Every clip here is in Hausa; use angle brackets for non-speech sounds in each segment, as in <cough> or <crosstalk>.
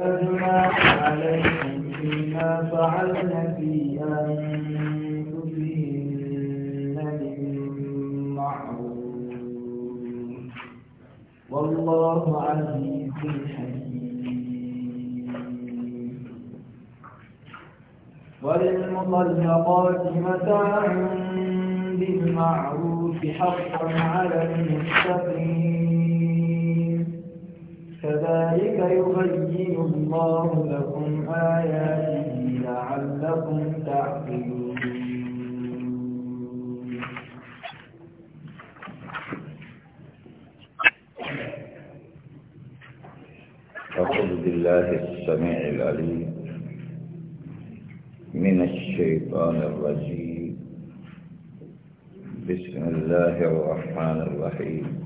أجمع عليهم فيما فعلن في أنفسهن من معروف والله عزيز حكيم وللمطلقات متاع بالمعروف حقا على المتقين كذلك يبين الله لكم آياته لعلكم تعقلون أعوذ بالله السميع العليم من الشيطان الرجيم بسم الله الرحمن الرحيم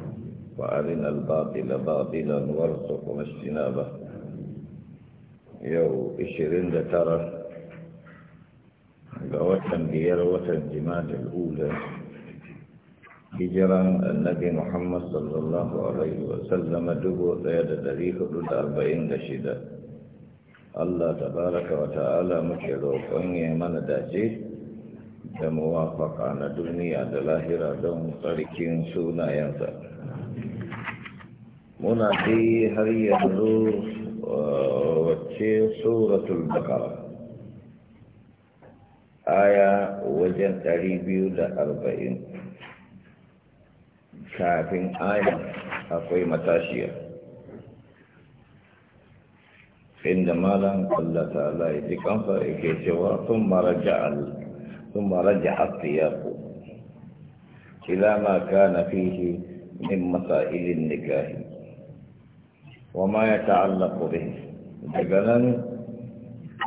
وأرنا الباطل باطلا وارزقنا اجتنابه يو إشرين لترى وطن بير وطن جماد الأولى هجرا النبي محمد صلى الله عليه وسلم دبو قيد تاريخ رد أربعين دشدة الله تبارك وتعالى مكيرو فإن من داشيه دموافق على دنيا دلاهرة دون طريق سونا ينزل منادي هرية نور آه، وشي سورة البقرة آية وزن قريبي ولا أربعين كافين آية أقوي متاشية إن مالاً قال تعالى إذ كان فإيك سوا ثم رجع ثم رجع الطياب إلى ما كان فيه من مسائل النكاهي wa ma ya وما daga nan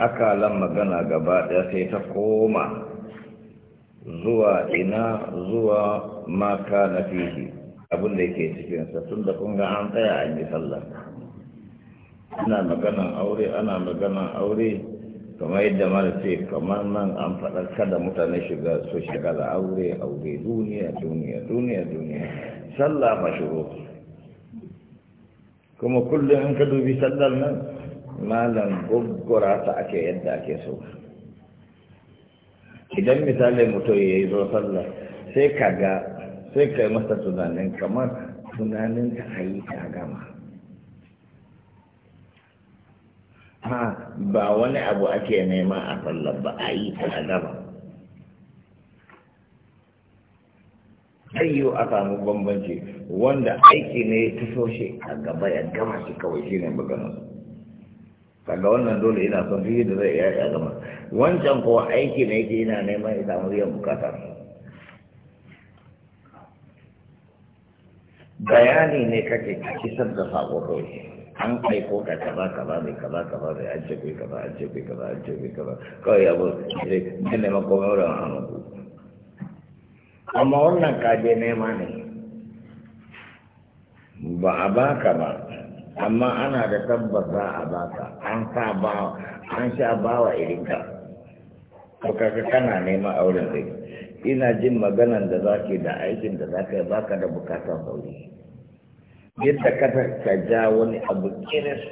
aka akalan magana gaba ɗaya sai ta koma zuwa ina zuwa maka na fihi abin da yake cikinsa tun da kun an tsaya an yi sallah ana maganan aure ana maganan aure kamar yadda mara ce kamar nan an faɗar kada mutane shiga su shiga da aure aure duniya duniya duniya duniya sallah mashuru kuma kullum in ka dubi sallar nan malam gurgura ta ake yadda ake so idan misali mutum ya yi zo sallar sai ka ga sai ka yi masa tunanin kamar tunanin ta a yi ta gama ba wani abu ake nema a sallar ba a yi ta gama ayyo yi a samu bambanci wanda aiki ne ya taso shi a gaba ya gama shi kawai shi ne maganin kaga wannan dole ina son fiye da zai iya ya gama wancan kuwa aiki ne yake ina neman ya samu bukata bayani ne kake kisar da sako kawai an aiko ka kaza kaza mai kaza kaza mai an ce kai kaza an ce kai kaza an ce kai kaza kawai abu ne ne makomai wurin hannun amma wannan kaje nema ne ba a baka ba amma ana da tabbas za a baka an sa bawa an sha bawa irinka ko kaga kana nema auren zai ina jin maganan da zaki da aikin da zaka ba baka da bukatar aure yadda ka ta ja wani abu kiris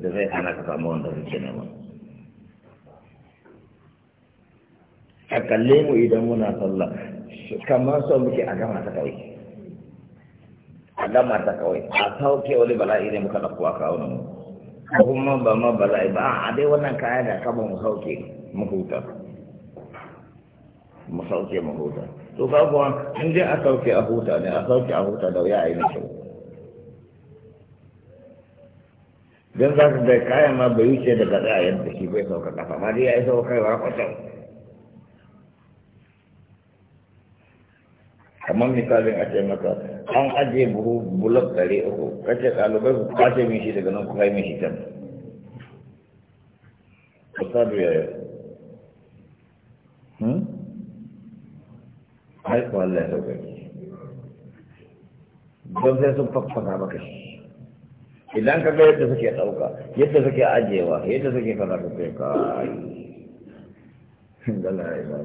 da zai hana ka samu wanda zai nema a kalle mu idan muna sallah kamar sau muke a gama ta kawai a gama ta kawai a sauke wani bala'i ne muka ɗauko a kawo mu kuma ba ma bala'i ba a dai wannan kaya da kama mu sauke mu huta mu sauke mu huta to babu in dai a sauke a huta ne a sauke a huta da wuya a yi na kyau don za ka da kayan ma bai wuce daga tsayayen da shi bai sauka kafa ma dai ya yi wa kwatsam kamar misalin a ce maka an ajiye buhu bulok ɗari uku kace ɗalibai ku kwace min shi daga nan ku kai min shi can ku sadu ya yi haiku hmm? Allah ya sauka don sai sun faffaka maka shi idan ka ga yadda suke ɗauka yadda suke ajiyewa yadda suke fara ka kai kai <laughs> dala ya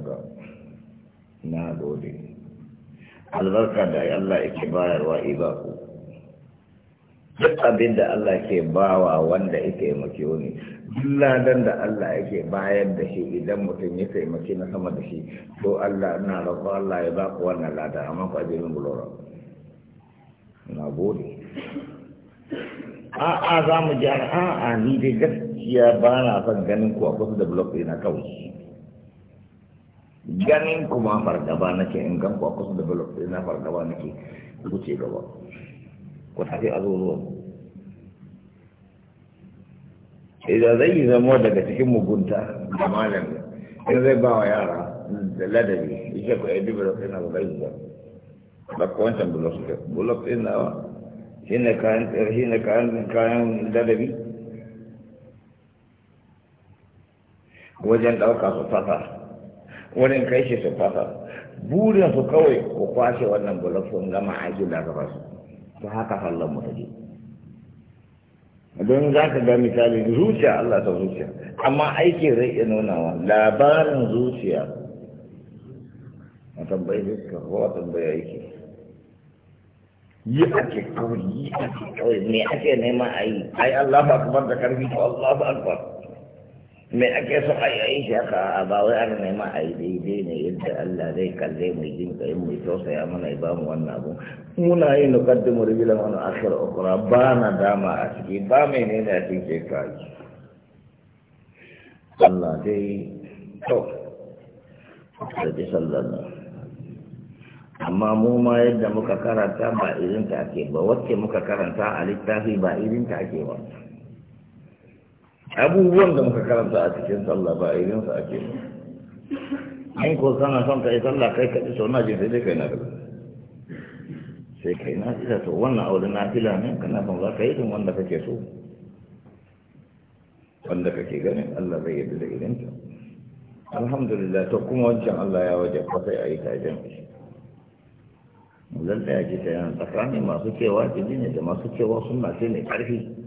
na gode albarka da Allah yake bayarwa ibaku duk abin da Allah ke bawa wanda yake maki wani duk ladan da Allah yake bayar da shi idan mutum ya taimake na sama da shi to Allah na rabu Allah ya baku wannan ladan amma ku aje min bulora na gode a'a za mu a a ni dai gaskiya ba na son ganin ku a kusa da blog ɗina kawai ganin kuma fargaba nake in ko ku kusa da blok ɗin na fargaba nake wuce gaba ko tafi a zuwa idan zai yi zama daga cikin mugunta da malam in zai ba wa yara da ladabi ko ya yi blok din na ba zai zuwa ba ko wancan blok ɗin blok din na shi ne kayan shi ne kayan kayan ladabi wajen ɗauka su fasa wurin kai shi su fasa burin su kawai ku kwashe wannan bulafin gama aiki da raba su ta haka fallon mu take don za ka ga misali zuciya Allah ta zuciya amma aikin zai iya nunawa labarin zuciya a tambayi zuciya ko a tambayi aiki yi ake kawai yi ake kawai me ake nema a yi ai Allah ba kamar da karfi to Allah ba akbar mai ake so a yayin shi haka a ba wai ana nema a yi daidai ne yadda Allah zai kalle mai jin kai mai tausaya mana ba mu wannan abu muna yin nukaddimu rijilan wani akhir ukra ba na dama a ciki ba mai ne da cikin ke kai Allah dai to da ji sallallahu amma mu ma yadda muka karanta ba irin ta ake ba wacce muka karanta a littafi ba irinta ake ba abubuwan da muka karanta a cikin sallah ba a irin sa ake an ko sana son ka yi sallah kai kaɗi sau na jin sai dai kai na gaba sai kai na fila to wannan aure na fila ne kana son za ka yi tun wanda kake so wanda kake ganin Allah zai yadda da irinta alhamdulillah to kuma wancan Allah ya waje kwasai sai a yi ta jami'i lallai ake ta yana tsakanin masu cewa jini ne da masu cewa suna ce ne ƙarfi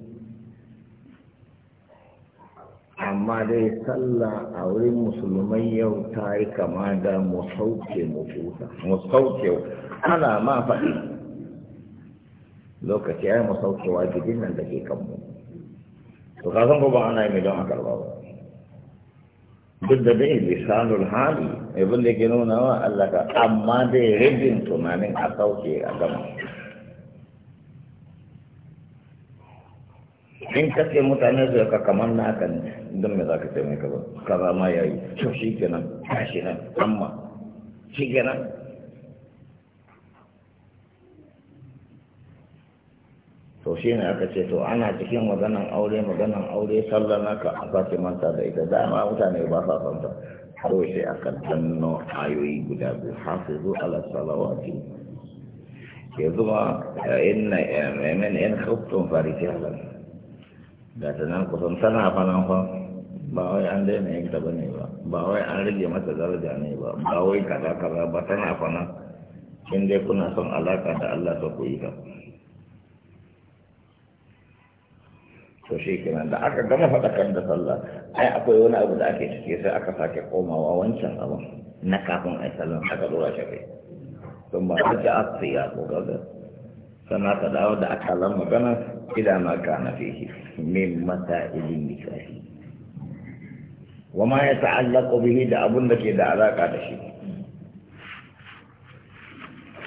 amma dai sallah a wurin musulmai yau ta yi kama da musauke musauke ana ma faɗi lokaci ya yi musauke wajibin nan da ke kanmu to kasan ko ba ana yi mai don a karɓa ba duk da dai lisanul hali abin da ke nuna wa Allah ka amma dai rabin tunanin a sauke a gama in ka ce mutane su ka kamar na haka ne don me za ka ce mai ka ba kaza ma ya yi to shi kenan tashi nan amma shi kenan to shi ne aka ce to ana cikin maganan aure maganan aure sallar naka a sake manta da ita Da ma mutane ba sa santa to sai aka danno ayoyi guda biyu hafizu ala salawati Ya zuwa inna eh, min in khuftum farijalan gata nan kusan tana fanan fa ba wai an daina yin ba ne ba ba wai an rage mata daraja ne ba ba wai kaza kaza ba tana fanan in dai kuna son alaka da Allah ta ku yi ka to shi kenan da aka gama faɗakar da sallah ai akwai wani abu da ake cike sai aka sake komawa wancan abin na kafin ai sallan aka dora shi kai don ba ta ji ah, asiya ko gaza sana ka dawo da akalan magana إلى ما كان فيه من مسائل النساء وما يتعلق به إذا كده علاقة شيء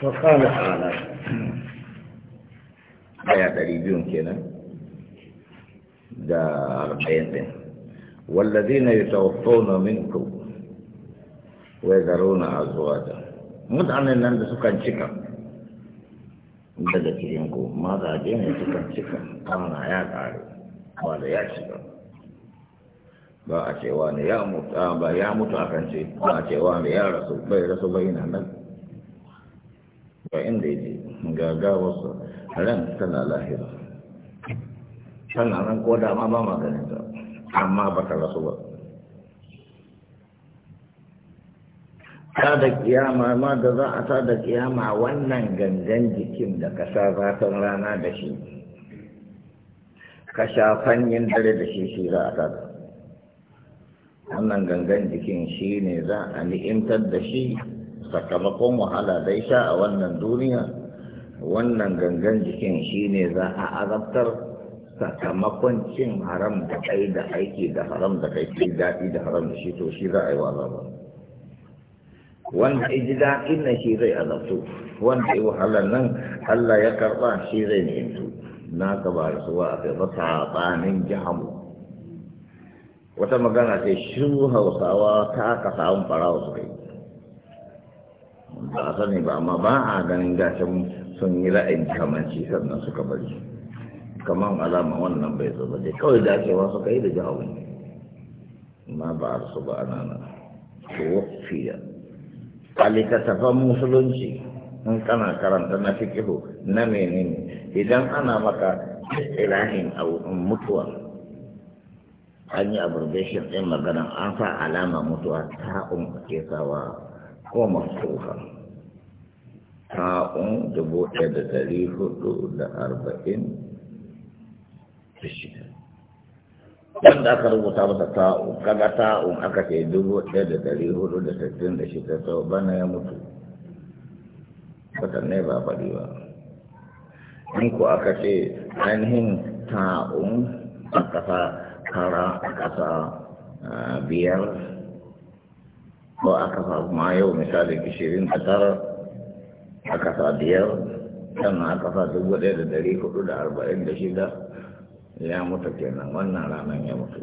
فقال تعالى آية تريدون كنا دار أربعين والذين يتوفون منكم ويذرون أزواجا متعنى أن سكان شكر daga cikin ku mazaje ne sukan cikin kana ya ƙare ba da ya shiga ba a cewa ne ya mutu ba ya mutu a kan ce ba a cewa ne ya rasu bai rasu bai na nan ba inda ya ga wasu. ran tana lahira tana nan ko da ma ba maganin ta amma ba ta rasu ba ta da kiyama ma da za a ta da kiyama wannan gangan jikin da ka sha zafin rana da shi ka sha fanyin dare da shi shi za a ta da wannan gangan jikin shi ne za a ni'imtar da shi sakamakon wahala da sha a wannan duniya wannan gangan jikin shi ne za a azabtar sakamakon cin haram da kai da aiki da haram da kai daɗi da haram da shi to shi za a yi wa azaba wanda iji daɗin na shi zai azabtu wanda yi wahala nan Allah ya karɓa shi zai nemtu na gaba rasuwa a kai ta tsanin jihamu wata magana ce shiru hausawa ta aka samun farawa su kai ba a sani ba amma ba a ganin gashin sun yi ra'ayin kamanci sannan suka bari kaman alama wannan bai zo ba dai kawai dacewa suka yi da jihamu amma ba a rasu ba a nan ko wafiya a musulunci in kana karanta na fikihu na menene idan ana maka ilahin mutuwa an yi abrogation ɗin maganan an sa alama mutuwa ta'un ake sawa ko mafsuha ta'un dubu ɗaya da ɗari hudu da arba'in da shida wanda aka rubuta masa ta'un kaga ta'un aka ce dubu ɗaya da ɗari hudu da sittin da shida sau bana ya mutu ne ba faɗi ba in ko aka ce ainihin ta'un a ƙasa kara a ƙasa biyar ko aka samu ma yau misalin ishirin da tara a ƙasa biyar sannan aka sa dubu ɗaya da ɗari hudu da arba'in da shida ya mutu kenan wannan ranar ya mutu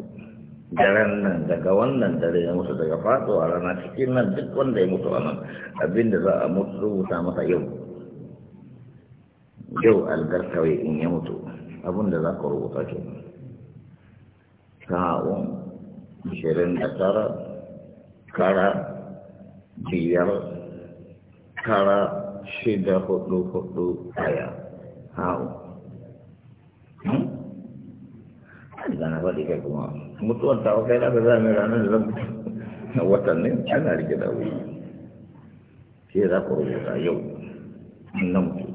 daren nan daga wannan dare ya mutu daga faɗo a rana cikin nan duk wanda ya mutu a nan abinda za a mutu rubuta masa yau yau algar kawai in ya mutu abinda za ka rubuta ke sa'un ishirin da tara kara biyar kara shida hudu hudu daya sa'un da na faɗi kai kuma mutuwar ta kai da za mu ranar zan watan ne ana rike da wuri sai za ku rubuta yau na mutu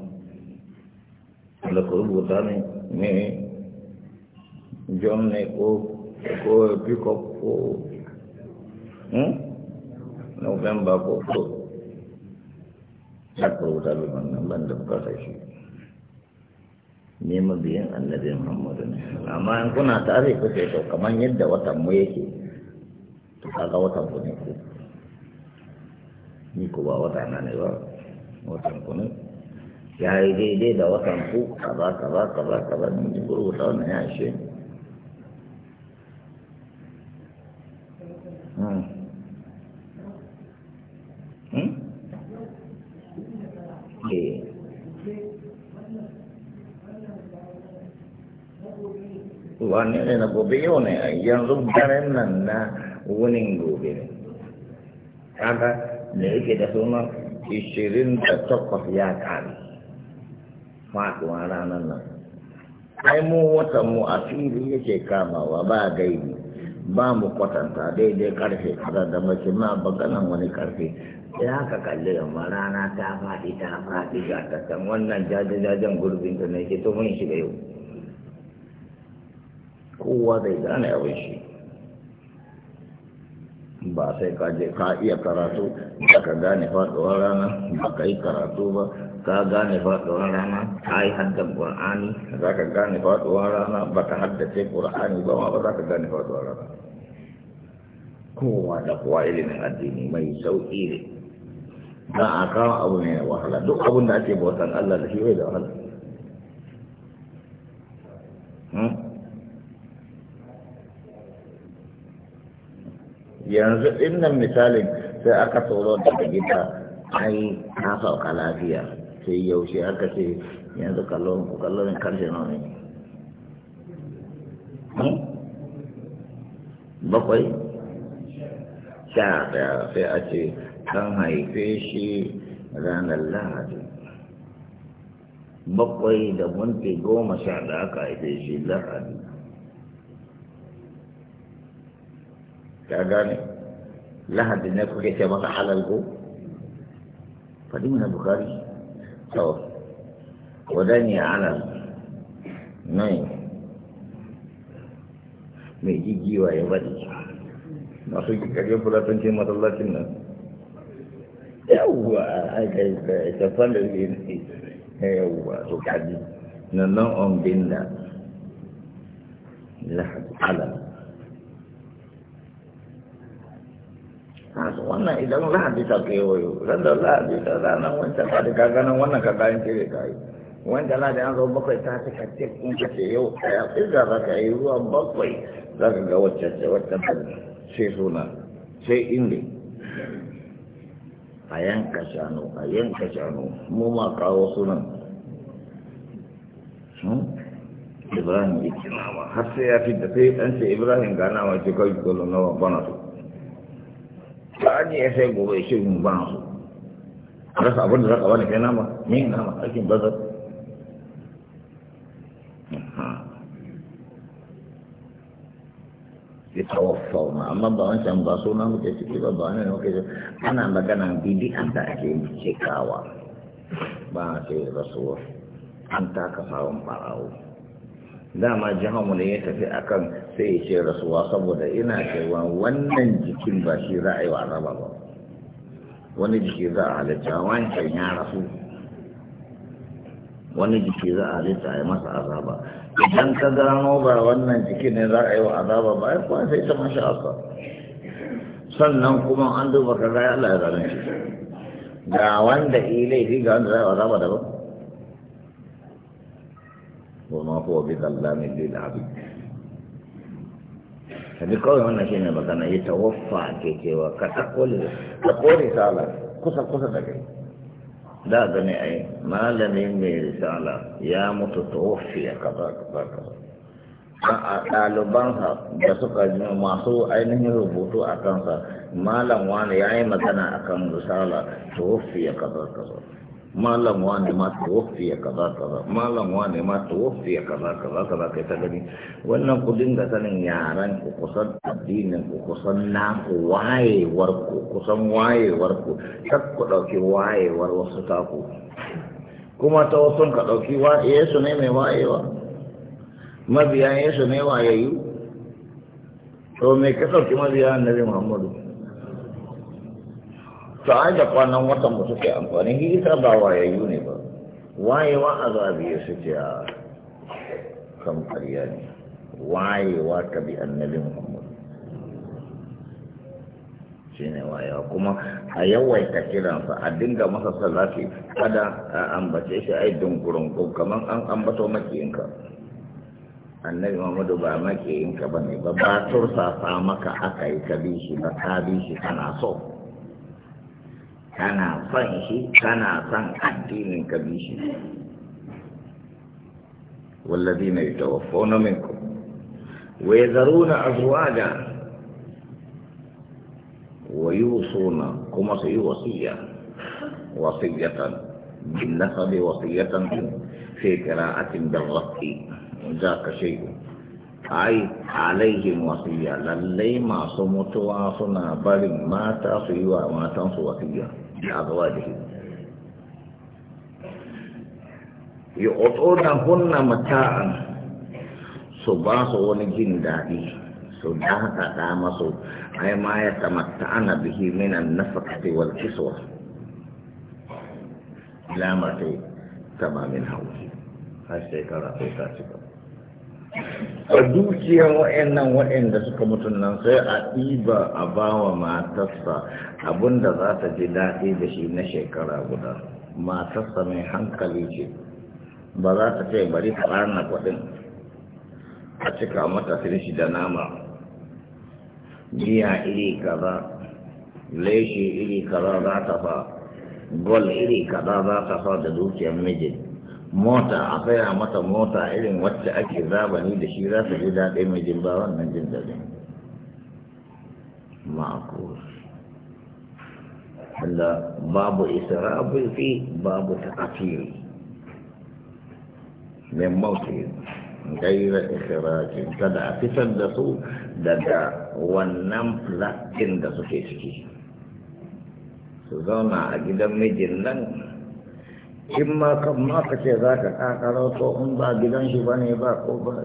da ku rubuta ne ne john ne ko ko pickup ko november ko so za ku rubuta liman nan ban da bukatar shi neman biyan annabi Muhammadu ne amma in kuna tare ku sai to kamar yadda watan mu yake to kaga watan ku ne ku ni ko ba wata na ne ba watan ku ne ya yi daidai da watan ku kaza kaza kaza kaza ni ji wata ta wannan ya ishe ni hmm. wani ne na gobe yau ne yanzu daren nan na wunin gobe ne kaga da yake da suna ishirin da takwas ya kare faɗuwa ranar nan ai mu watan mu a fili yake kamawa ba gaibi ba mu kwatanta dai karfe kada da mace ma baganan wani karfe ya haka kalli yamma rana ta faɗi ta faɗi ga ta wannan jajajajen gurbin da ne ke to mun yau kowa zai gane abin shi ba sai ka je ka iya karatu ba ka gane faɗuwar rana ba ka yi karatu ba ka gane faɗuwar rana ka yi haddar ƙur'ani za ka gane faɗuwar rana ba ka haddace ƙur'ani ba ma ba za ka gane faɗuwar rana kowa da kowa ilimin addini mai sauƙi ne za a kawo abu mai wahala duk abin da ake bautan Allah da shi bai da wahala hmm? yanzu inda misalin sai aka tsoro daga gida ai na sauka lafiya sai yaushe aka ce yanzu kallon nawa ne hmm? bakwai sha ɗaya sai a ce an haife shi ranar lahadi bakwai da minti goma sha da aka haife shi lahadi ka gane lahadi ne kuke ce masa halal ko faɗi mana bukari to wadani alal nai mai jijiwa ya faɗi masu kare fulatancin masallacin nan yawwa aka shafan da zai ne yawwa to kaji nan nan on binda lahadi alal nasu wannan idan lahadi ta kewayo ran lahadi ta ranar wancan ba da gaganan wannan ka kayan cire kayi wanda na da bakwai ta ta kace in ka ce yau ɗaya ɗiga za ka yi ruwa bakwai za ka ga wacce ce wacce ta sai suna sai inda a yanka shanu a yanka shanu mu ma kawo sunan hmm? ibrahim ikinawa har sai ya fi da sai an ce ibrahim ganawa ce kawai kwallo na bana su yi sai gobe shi mun ba su rasa abin da za ka bani kai nama min nama aikin bazar ya tawaffau ma amma ba wancan ba suna muke ciki ba ba ne muke ciki ana magana an da ake cikawa ba a ce rasuwa an taka sawon farawo dama jihar mu ne ya tafi akan sai ya ce rasuwa saboda ina cewa wannan jikin ba shi za a yi wa azaba ba wani jiki za a halitta wancan ya rasu wani jiki za a halitta a yi masa azaba idan ka gano ba wannan jiki ne za a yi wa azaba ba ya kuwa sai ta mashi asa sannan kuma an duba ka zai Allah ya zarin shi ga wanda ilai fi ga wanda za a yi wa azaba daban. Wa ma huwa bi zallamin lil abid tabi kawai wannan shi ne magana ya tawaffa ke cewa ka ɗauko sa'ala kusa kusa da kai da gani ai malami mai risala ya mutu tawaffi a kaza kaza kaza a ɗalibansa da suka masu ainihin rubutu a kansa malam wani ya yi magana a kan risala tawaffi ya kaza kaza malam wane ma ya kaza kaza malam wane ma ya kaza kaza kaza kai ta gani wannan ku dinga sanin yaran ku kusan addinin ku kusan na ku wayewar ku kusan wayewar ku kar ku dauki wayewar wasu taku kuma ta wasu ka dauki waye yesu ne mai wayewa mabiya yesu ne wayayu to me ka dauki mabiya annabi muhammadu to ai da kwanan watan ba suke amfani shi ba ba wayayyu ne ba wayewa a azabi ya suke a kan karya ne wayewa ta bi annabi muhammad shi ne wayewa kuma a yawaita kiransa a dinga masa salati kada a ambace shi ai dunkurin ko kamar an ambato makiyinka annabi muhammadu ba makiyinka ba ne ba ba tursa maka aka yi ka bi shi ba ka bi shi kana so kana son shi kana son addinin ka bi shi والذين يتوفون منكم ويذرون أزواجا ويوصون كما سي وصية وصية بالنسب وصية في قراءة بالرفع ذاك شيء ai alaihim wasiya lallai masu mutuwa suna barin mata su yi wa matansu wasiya abuwajen yi otona hunna mata'an su ba su wani jin daɗi su dahata ta masu ai ma ya tamatta'a na bihi minan nafakati wal kiswa lamar ta ba min hauki har shekara ko ta ci a dukiyar wa'annan wa'anda suka mutun nan sai a ɗiba a bawa matarsa abinda za ta ji daɗi da shi na shekara guda matarsa mai hankali ce ba za ta ce bari ta rana kuɗin a cika mata shi da nama biya iri kaza leshi iri kaza za ta fa gol iri kaza za ta fa da dukiyar mijin mota a tsaya mata mota irin wacce ake zabani da shi za su ji daɗi mai jin ba wannan jin daɗin ma'akus wanda babu isra'abu fi babu afiri min mauti gaira isra'ajin ta a fitar da su daga wannan flatin da suke ciki su zauna a gidan mijin nan in ma kan ma ka ce za ka kakaro to in ba gidan shi ba ne ba ko ba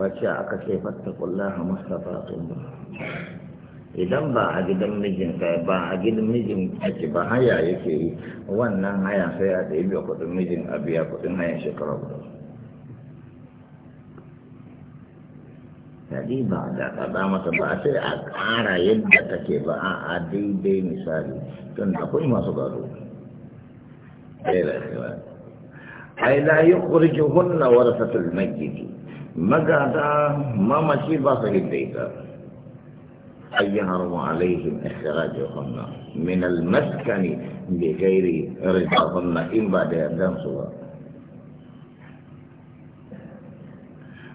ba ce aka ce fatta fattakullaha mustafatun ba idan ba a gidan mijin kai ba a gidan mijin ake ba haya yake yi wannan haya sai a da biya kudin mijin a biya kudin hayan shekara guda yadi ba da kada mata ba sai a kara yadda take ba a daidai misali tun akwai masu gado إيه إيه أي لا يخرجهن ورثة الميت مقعدا ما مشي بصه البيت أن يهرم عليهم إخراجهن من المسكن بغير رضاهن إن بعد أدام صغار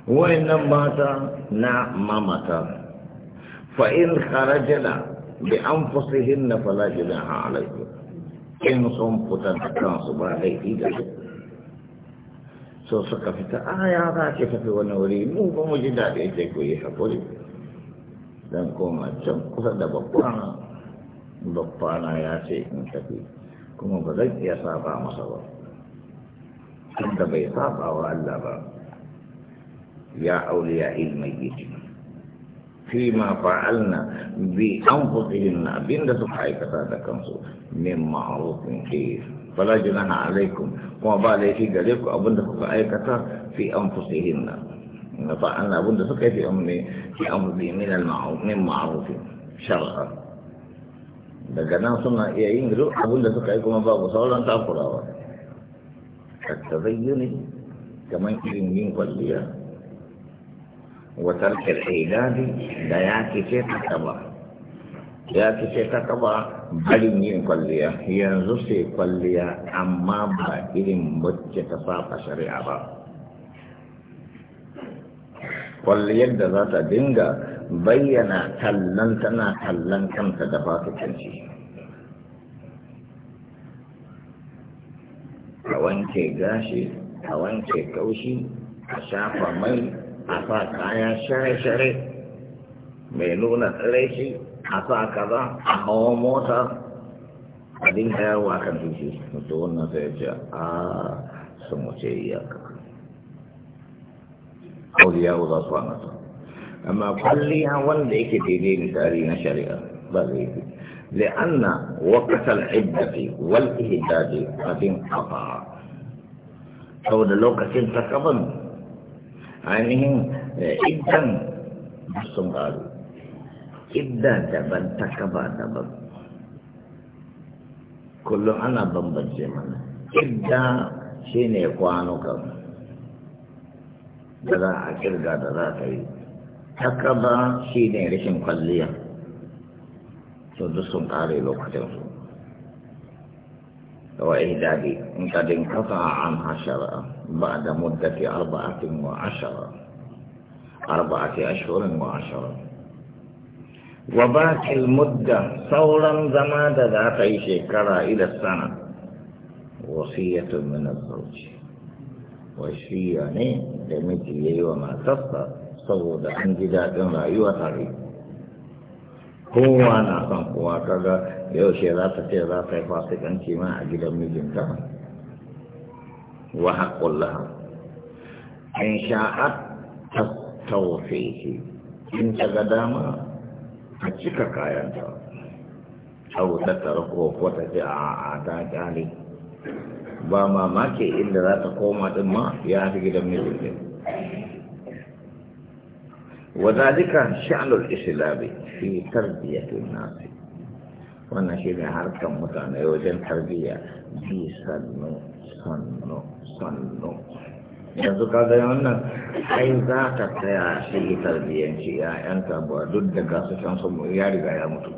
وإن مات نعم ما فإن خرجنا بأنفسهن فلا جناح عليكم in sun fita da kansu ba laifi da su so suka fita a ah, ya za ki tafi wani wuri mu ba mu ji daɗi ce ku yi haƙuri don koma can kusa da babbana babbana ya ce in tafi kuma ba zan iya saba masa ba da bai saba wa Allah ba ya aure ya ilmai yake فيما فعلنا بأنفسهن سبحانه سبحانك صادقنسو من معروف خير فلا جناح عليكم وما بالك عليكم سبحانه سبحانك في أنفسهن فأنا أبين سبحانه في أمني في أنفسهن من المعروف من معروف شرعا daga nan suna iya yin duk abin da suka yi kuma babu sauran takurawa kamar irin yin kwalliya wutar ƙirƙidadi da ya kice ta kaba ya kice ta kaba barin yin kwalliya yanzu sai kwalliya amma ba irin wacce ta shari'a ba kwalliyar da za ta dinga bayyana kallon tana kallon kanta da ba ta kanci a wanke gashi a wanke kaushi a shafa mai a sa kaya share-share mai nuna tsiraici a sa kaza a hawa mota a dinka yawa kan tushe mutu wannan sai ce a sun wuce iyaka auliya za su hana ta amma kwalliya wanda yake daidai misali na shari'a ba zai yi لأن وقت العدة والإهداد قد انقطع saboda lokacin ta kaban ainihin eh, iddan sun ƙaru idda daban ta kaba daban kullum ana bambance mana idda shi ne kwanukan da za a kirga da za ta yi ta kaba shi ne rashin kwalliya to duk sun ƙare lokacinsu وإهدادي قد انقطع عنها شرعا بعد مدة أربعة وعشرة أربعة أشهر وعشرة وباقي المدة صورا زمادة ذات شكرا إلى السنة وصية من الزوج وصية لمجي وما تصدر صورة عندي ذات رأي وطريق هو أنا صنقوا كذا yaushe za ta ce za ta yi fasikanci ma a gidan mijinta wa haƙƙun in ta taufe in ta ga dama a cika kayanta au ta tarko ko ta ce a ta kyale ba mamaki inda za ta koma din ma ya fi gidan mijinta وذلك شأن الإسلام في تربية الناس wannan shi ne harkar mutane wajen tarbiyya bi sannu sannu sannu yanzu ka ga wannan ai za ta tsaya shi tarbiyyanci 'ya'yanta ba duk da gasu can sun ya riga ya mutu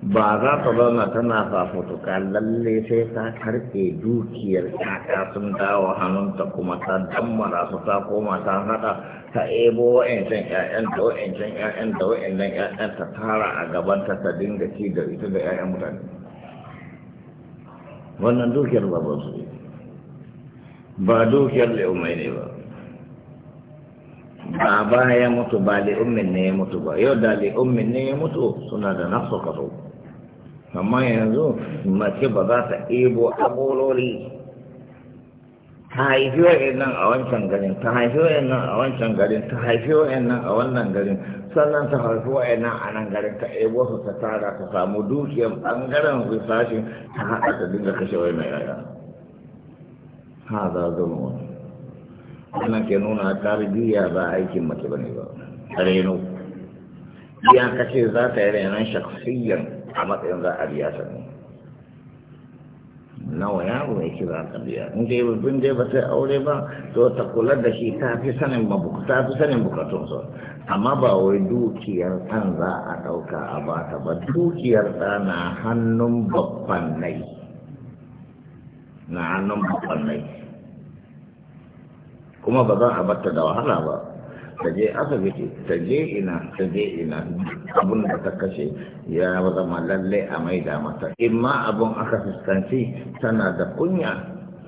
ba za ta zama tana fafutuka lalle sai ta karɓe dukiyar kaka sun dawo hannunta kuma ta dammara su ta koma ta haɗa ta ebo wa'ancan ƴaƴan da wa'ancan ƴaƴan da wa'annan ƴaƴan ta tara a gabanta ta dinga ci da ita da ƴaƴan mutane wannan dukiyar ba ba su ba dukiyar umai ne ba ba ba ya mutu ba li'ummin ne ya mutu ba yau da li'ummin ne ya mutu suna da nafsu kaso amma yanzu mace ba za ta ebo abololi ta haifi wa'in nan a wancan garin ta haifi wa'in nan a wancan garin ta haifi wa'in nan a wannan garin sannan ta haifi wa'in nan a nan garin ta ebo su ta tara ta samu dukiyar bangaren su sashi ta haɗa ta dinga kashe wai mai yaya ha za zama wani wannan ke nuna tarbiyya ba aikin mace ba ne ba a reno iya kace za ta yi renon shaksiyyar a matsayin za a biya sa ne nawa yaro mai kira ka biya in dai bin dai ba sai aure ba to ta kula da shi ta fi sanin ta fi sanin bukatunsa amma ba wai dukiyar ɗan za a ɗauka a bata ba dukiyar ɗa na hannun babban nai na hannun babban nai kuma ba za a batta da wahala ba taje je asibiti taje ina taje ina abun da ta kashe ya zama lalle a maida mata in ma abun aka fuskanci tana da kunya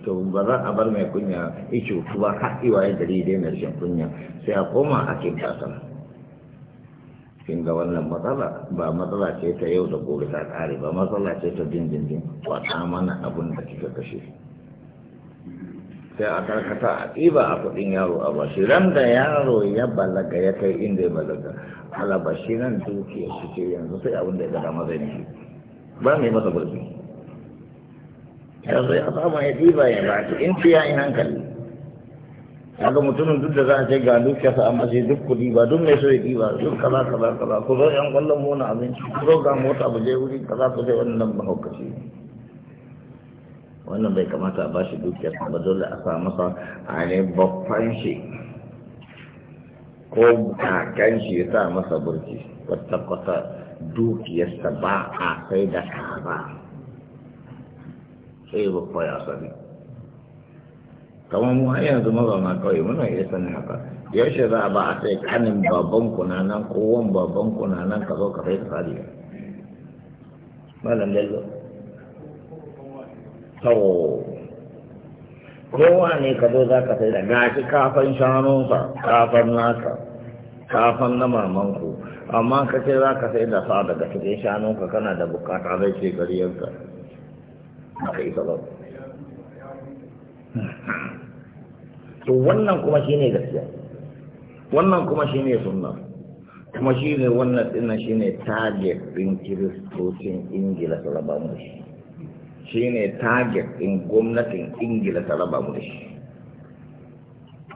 to ba za a bar mai kunya ice ba har ya gari dai na rashin kunya sai a koma a cikin kasar kin ga wannan matsala ba matsala ce ta yau da gobe ta kare ba matsala ce ta dindindin kwata mana abun da kika kashe sai a karkata a ɗiba a kuɗin yaro a bashi da yaro ya balaga ya kai inda ya balaga ala bashi nan dukiya su ce yanzu sai abin da ya gada maza ne ba mai masa gurbi yanzu ya samu ya ɗiba ya ba ta in fiya in hankali kaga mutumin duk da za a ce ga dukiyarsa amma sai duk kuɗi ba duk mai so ya ɗiba duk kaza kaza kaza ku zo yan kwallon mona abinci ku zo ga mota mu je wuri kaza ku je wannan mahaukaci ne wannan bai kamata a ba shi dukiyar ba dole a sa masa a ne babban shi ko kakan shi ya sa masa burki kwata-kwata dukiyarsa ba a sai da kaza sai babba ya sani kamar mu har yanzu mazauna kawai muna iya sani haka yaushe za a ba a sai kanin babban kunanan, kowon babban kunanan ka zo ka sai ka sadiya malam lallo to kowa ne ka zo za ka sai da gashi kafan shanunsa kafan naka kafan na mamanku amma ka ce za ka sai da sa daga cikin shanunka kana da bukata zai ce yanka aka isa ba to wannan kuma shi ne gaskiya wannan kuma shi ne sunna kuma shi ne wannan dinnan shi ne target ɗin kiristocin ingila ta raba shi ne target ɗin gwamnatin ingila ta raba mu da shi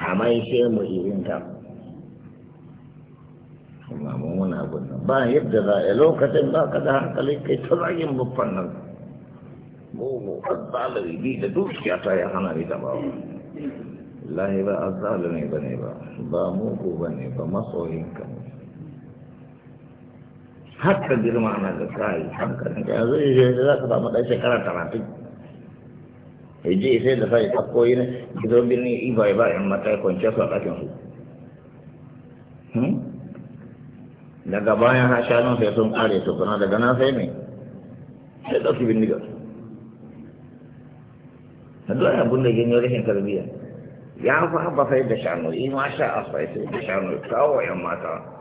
amma shi mu irin ta amma mun wani abu ba yadda za a lokacin ba ka da hankali kai ta zagin babban nan gogo azzalari bi da dukiya ta ya hana ni da bawa lahi ba ne ba ne ba ba mugu ba ne ba masoyinka ne har ka girma ana da kai hankalin ka yanzu ya za ka samu ɗan shekara talatin ya je sai da sai ta koyi ne ki zo birnin iba ba yan mata ya kwanciya su a ɗakin su hmm? daga bayan ha shanun sai sun kare su kuna daga nan sai ne sai ɗauki bindiga na dole abin da janyo rashin tarbiyya ya fa haɓa sai da shanu in ma sha a sai da shanu kawo yan mata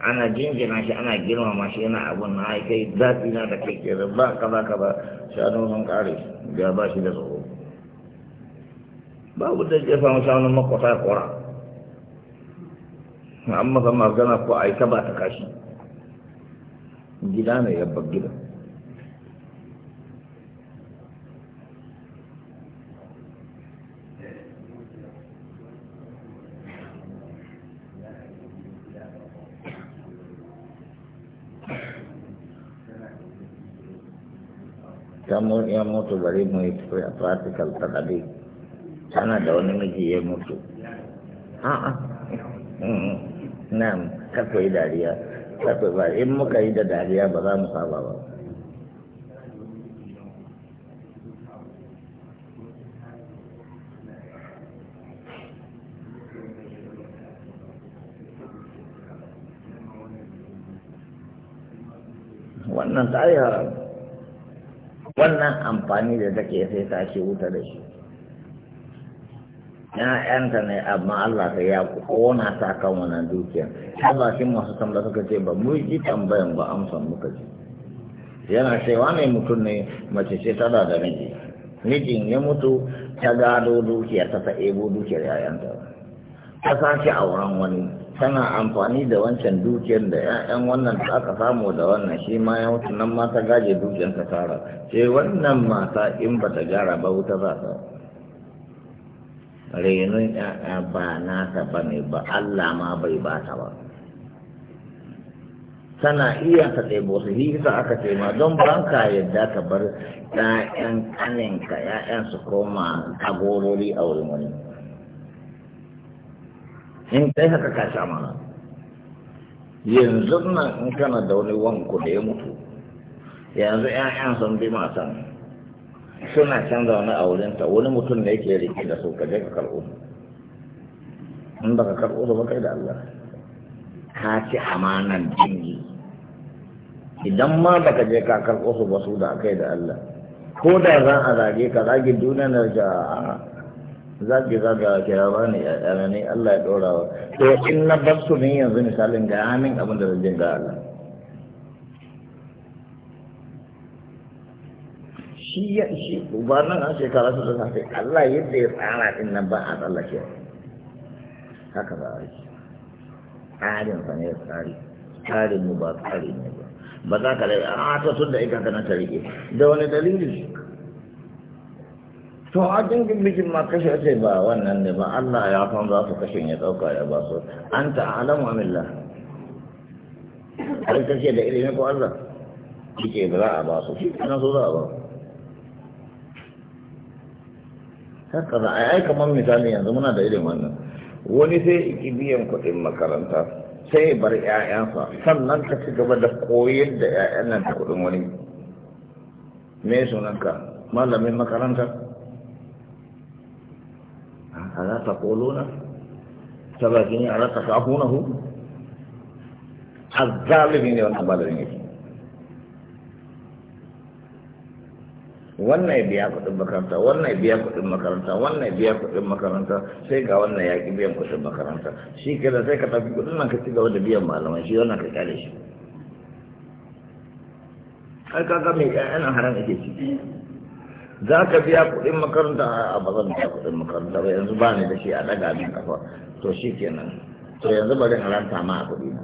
ana jinjina shi ana girmama shi yana abun na kai zafi na da kai ke ba kaza kaza shanu sun kare ga ba shi da tsoro babu da jefa musamman makwata kora amma kan magana ko a yi ba ta kashi gida ne yabba gida. samu ya mutu bari mu yi practical ta ɗabi ana da wani miji ya mutu a'a <laughs> nan kafa yi dariya kafa ba in muka yi da dariya ba za mu saba ba wannan wannan amfani da take sai ta ke wuta da shi ‘ya'yanta ne amma Allah ta ya kona ta kan wannan dukiya ta masu tambaya suka ce ba mu yi tambayan ba amsa muka ji yana cewa ne mutum ne mace ce ta da miji mijin ya mutu ta gado dukiya ta ta ebo dukiyar ‘ya'yanta ta sace wurin wani tana amfani da wancan dukiyar da 'ya'yan wannan da aka samu da wannan shi ma ya wuce nan ma ta gaje dukiyar ta tara sai wannan mata in ba ta gyara ba wuta za ta renun ƴaƴa ba nata ba ne ba Allah ma bai ba ta ba tana iya ta ɗebo su shi isa aka ce ma don banka yadda ka bar ƴaƴan ƙaninka ƴaƴan su koma agorori a wurin wani in kai haka ka sha mana yanzu nan in kana da wani wanku da ya mutu yanzu 'ya'yan sun bi matan suna can wani a wurinta wani mutum da yake rike da su ka je ka karɓo in ka karɓo da baka da Allah ka ci amanan jini idan ma ka je ka karɓo su ba su da kai da Allah ko da za a zage ka zage duniya na zagi zaga kira ba ne ya'yana ne Allah ya ɗora wa to in na bar su ne yanzu misalin ga amin abin da zan ga Allah shi ya shi ba nan an shekara su da Allah yadda ya tsara din nan ba a ke haka ba a yi tsarin sa ne tsari tsarin mu ba tsari ne ba ba za ka dai a ah, ta tun da ita ka na tarike da wani dalilin? to a dangin bikin ma kashe ce ba wannan ne ba Allah ya san za su kashe ya dauka ya ba su an ta'alamu amillah har kashe da ilimi ko Allah kike ba za a ba su shi na so za a ba haka za a yi kamar misali yanzu muna da irin wannan wani sai iki biyan kuɗin makaranta sai bar 'ya'yansa sannan ka ci gaba da koyar da 'ya'yan nan ta kuɗin wani me sunanka malamin makarantar? ألا تقولون تبقيني ألا تخافونه الظالمين والأبالين wannan ya biya kuɗin makaranta wannan ya biya kuɗin makaranta wannan ya biya kuɗin makaranta sai ga wannan ya ki biyan kuɗin makaranta shi kenan sai ka tafi kuɗin nan ka ci gaba da biyan malaman shi wannan ka kare shi ai kaga mai ƴaƴan haram ake ci za ka biya kuɗin makaranta a ba zan biya kuɗin makaranta ba yanzu ba ni da shi a daga min kafa to shi kenan to yanzu bari in ranta ma a kuɗi na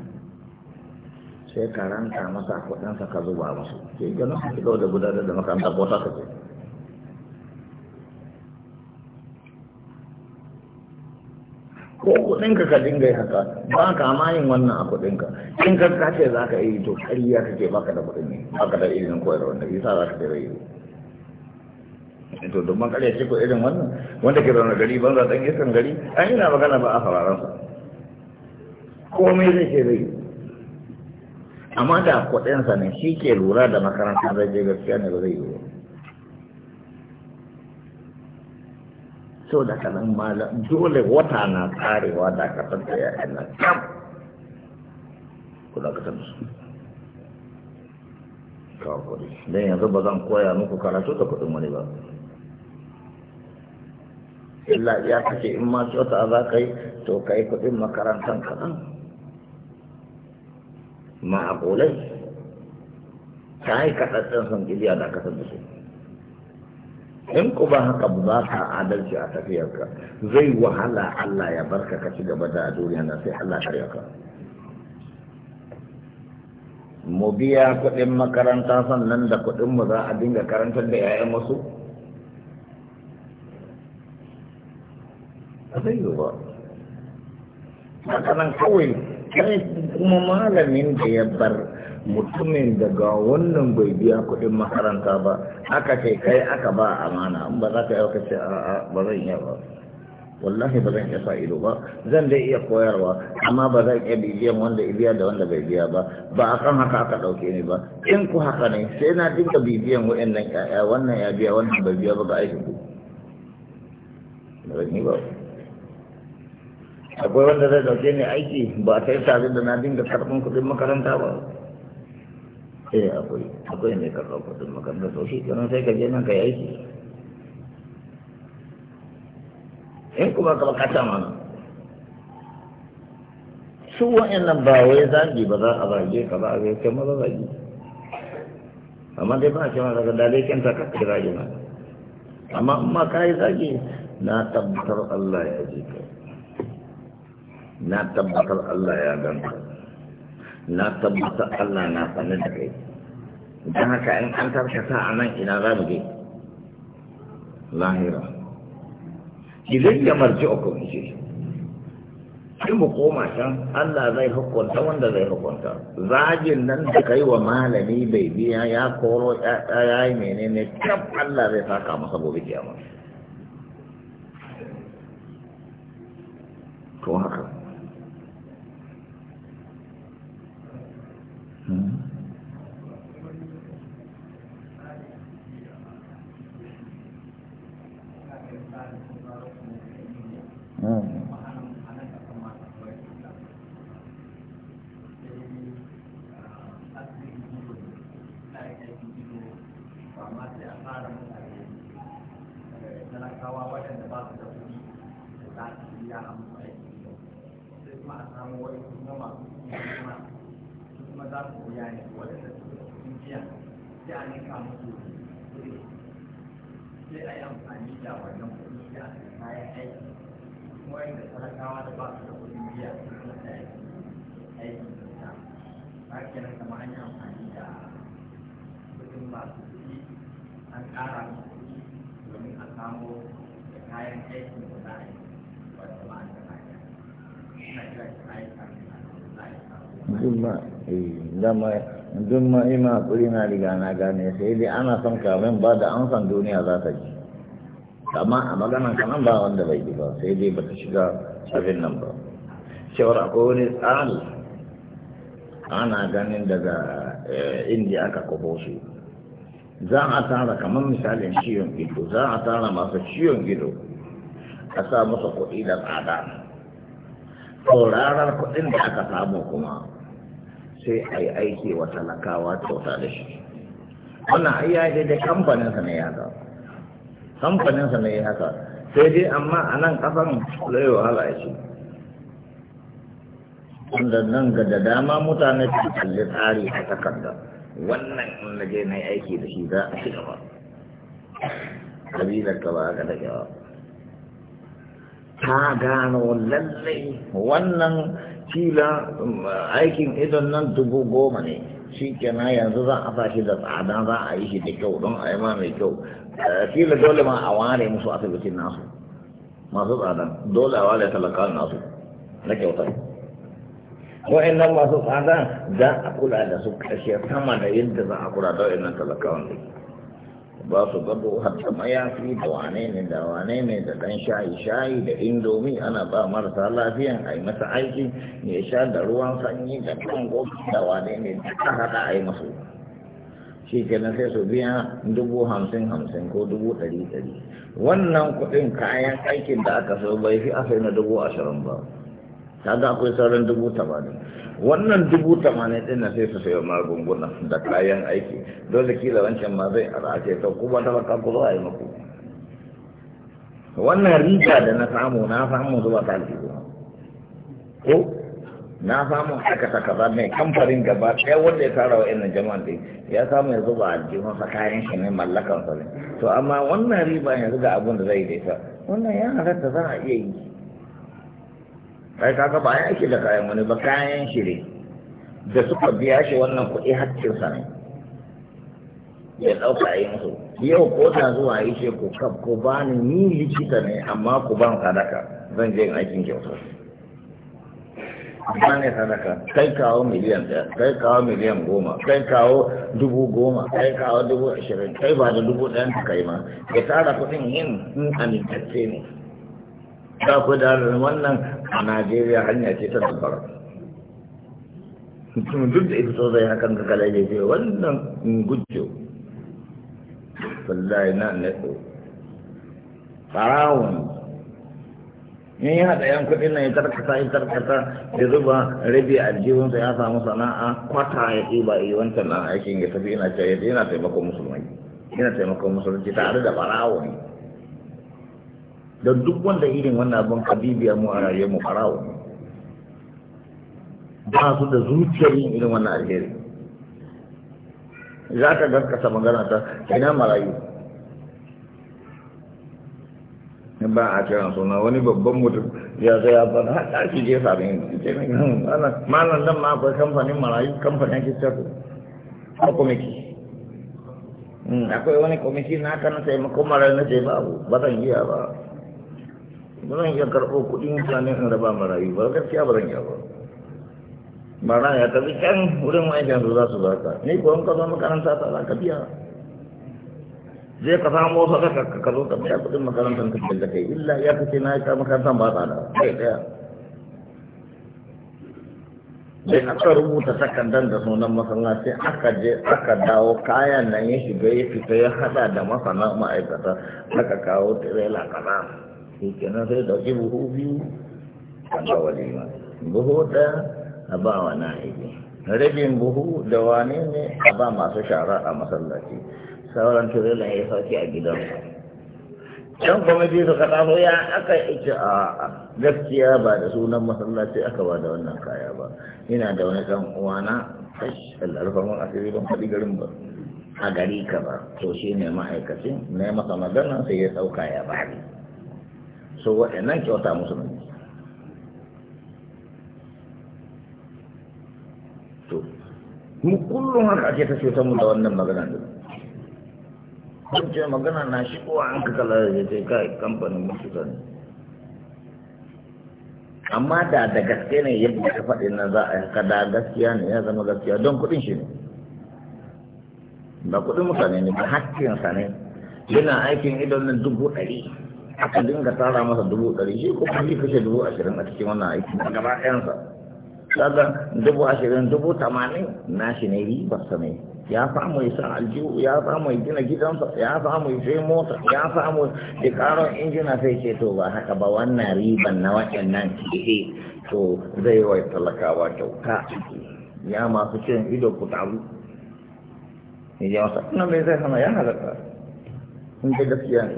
sai ka ranta masa a kuɗinsa ka zuba masu, ke ganin ka shiga da gudanar da makaranta ko ta kace ko kuɗinka ka dinga yi haka ba ka ma yin wannan a kuɗinka in ka kace za ka yi to ƙarya kake baka da kuɗin ne baka da irin koyarwa da isa za ka da rai Eh, to domin kare ce ko irin wannan wanda ke zaune gari banza dan kan gari an yana magana ba a fararen sa komai zai ce zai amma da kuɗin sa ne shi ke lura da makarantar da je gaskiya ne zai yi so da kanan malam dole wata na karewa da ka tsanta ya ina kyan kuna ka tsanta kawai don yanzu ba zan koya muku karatu da kuɗin wani ba illa ya kace in ma kyauta za ka yi to ka yi kuɗin makarantar kaɗan ma'aƙulai ta yi kaɗaɗɗen son da aka san su in ku ba haka ba ka adalci a tafiyarka zai wahala Allah ya barka ka ci gaba da duniya na sai Allah ya ka mu biya kuɗin makaranta sannan da kuɗin mu za a dinga karantar da 'ya'yan wasu sa'yo ba haka kawai kai kuma malamin da ya bar mutumin daga wannan bai biya kuɗin makaranta ba aka ce kai aka ba amana in ba za ka yau ce a'a ba zan iya ba wallahi ba zan iya sa ba zan dai iya koyarwa amma ba zan iya bibiyan wanda biya da wanda bai biya ba ba a kan haka aka ɗauke ni ba in ku haka ne sai na dinga bibiyan wa'annan ƴaƴa wannan ya biya wannan bai biya ba ga aikin ku ba zan yi ba akwai wanda zai dauke ni aiki ba sai tare da na dinga karɓan kuɗin makaranta ba eh akwai akwai mai karɓar kuɗin makaranta to shi kenan sai ka je nan ka yi aiki in kuma ka baka ta mana su nan ba wai zagi ba za a zage ka ba a zai kai maza zagi amma dai ba a ce mana da dai kenta ka kira jina amma in ma ka yi zagi na tabbatar Allah ya ji kai na tabbatar Allah ya ganka na tabbatar Allah na sanin da kai don haka in an tarkata a nan ina za mu je lahira idan ya marji uku ce sai mu koma can Allah zai hukunta wanda zai hukunta zagin nan da kai wa malami bai biya ya koro ya yi menene kaf Allah zai saka masa gobe kiyama a cika musu kuɗi sai a yi amfani da wannan kuɗi da kayan aiki kuma yadda talakawa da ba su da kuɗin biya su kuma da aikin ta ba kenan an yi amfani da kuɗin masu kuɗi an ƙara kuɗi domin a samo da kayan aikin da za a yi wata da kayan ina kira shi ayyukan da za a yi eh, dama duk ma ina kuri na riga na gane sai dai ana son kamin ba da an san duniya za ta ji amma a maganan kanan ba wanda bai ji ba sai dai bata shiga abin nan ba cewar akwai wani tsari ana ganin daga eh, indiya aka kubo su za a tara kamar misalin ciwon gido za a tara masu ciwon ido a sa masa kuɗi da tsada sauraron kuɗin da aka samu kuma sai a yi aiki wa talakawa kyauta da shi wannan ai ya daidai kamfaninsa ne ya haka kamfaninsa ne ya haka sai dai amma a nan ƙasan zai wahala ya ce wanda nan ga da dama mutane su kalli tsari a takarda wannan in na je na yi aiki da shi za a ci gaba kabilar ka ba ka da ba. ta gano lallai wannan kila um, aikin idan nan dubu goma ne shi kenan yanzu za a fashi da tsada za a yi shi da kyau don a yi ma mai kyau eh, kila dole ma a ware musu asibitin nasu masu tsada dole a ware talakawan nasu na kyautar wa'annan masu tsada za a kula da su kashe sama da yadda za a kula da wa'annan talakawan da ba su gado hatta mayafi da wane ne da wane ne da dan shayi shayi da indomi ana ba marasa lafiyan a yi masa aiki ya sha da ruwan sanyi da kan gobe da wane ne da ta haɗa a yi masu shi kenan sai su biya dubu hamsin hamsin ko dubu dari dari wannan kuɗin kayan aikin da aka so bai fi asali na dubu ashirin ba ta kaga akwai sauran dubu tamanin wannan dubu tamanin ɗin na sai su sayo magunguna da kayan aiki dole kila wancan ma zai a race ta kuma baka ku zuwa yi maku wannan riba da na samu na samu zuwa ta ko na samu aka ta kaza mai kamfanin gaba ɗaya wanda ya tara wa innan jama'a ɗin ya samu ya zuba aljihun sa kayan shi ne mallakan sa ne to amma wannan riba yanzu da abun da zai daita wannan ya halatta za a iya yi kai ka ba bayan ake da kayan wani ba kayan shi ne da suka biya shi wannan kuɗi sa ne ya ɗauka yi musu yau ko ta zuwa yi ce ku kaf ku ba ni ni likita ne amma ku ban sadaka zan je aikin kyauta ba ne sadaka kai kawo miliyan ɗaya kai kawo miliyan goma kai kawo dubu goma kai kawo dubu ashirin kai ba da dubu ɗayan ta kai ma ya tara kuɗin yin in amintacce ne ta ku da wannan a najeriya hanya ce ta dubara mutum duk da ita so zai hakan ka kala ya ce wannan gujo wallahi na na farawun in yi haɗa yan kuɗin nan ya tarkata ya tarkata ya zuba rabi a aljihunsa ya samu sana'a kwata ya a yi eh, wancan na aikin ya tafi yana taimakon musulmai yana taimakon musulmai tare da farawun don duk wanda irin wannan abin ya mu a rayuwar mu farawo ba su da zuciyar yin irin wannan alheri za ka gaskasa gana ta ina marayu Ne ba a kiran suna wani babban mutum ya zai ya bada haɗa shi je sami hmm, malam nan ma akwai kamfanin marayu kamfanin ake cewa a kwamiki hmm, akwai wani kwamiki na aka na taimakon marayu na ce ba zan yi ba ba zan iya karɓo kuɗin mutane in raba marayu ba gaskiya ba zan iya ba mara ya tafi can wurin ma'aikin su za su zaka ni ko in ka zo makaranta ta za ka biya zai ka samu wasu ka ka zo ka biya kuɗin makarantar ka da kai illa ya kace na ka makarantar ba tsada kai daya sai aka rubuta takardar da sunan masallaci aka je aka dawo kayan nan ya shiga ya fita ya hada da masana ma'aikata aka kawo tirela kaza shi kenan sai dauki buhu biyu a ba wa buhu ɗaya a ba wa na'ibi rabin buhu da wane ne a ba masu shara a masallaci sauran turela ya sauki a gidansa can kwamiti suka so ya aka ice a gaskiya ba da sunan masallaci aka ba da wannan kaya ba ina da wani kan uwana alfarmar alfarman asiri don faɗi garin ba a gari ka ba to shi ne ma'aikacin na masa magana sai ya ɗauka ya bari so waɗannan kyauta musu ne to mu kullum haka ake ta cutar mu da wannan magana da kun ce magana na shi kowa an ka kala da ce kai kamfanin musu ne amma da da gaske ne yadda ka faɗi na za a ka da gaskiya ne ya zama gaskiya don kuɗin shi ne ba kuɗin mutane ne ba hakkinsa ne yana aikin idon dubu ɗari aka dinga tara masa dubu ɗari shi ko kuma shi kashe dubu ashirin a cikin wannan aiki a gaba ɗayansa kaga dubu ashirin dubu tamanin nashi ne ribar sa ne ya samu ya san aljihu ya samu ya gina gidansa ya samu ya sai mota ya samu ya karon injina sai ce to ba haka ba wannan riban na waɗannan kiɗe to zai wa talakawa kyauta ya masu cin ido ku taru ya ji masa ina mai zai hana ya halatta in ga gaskiya ne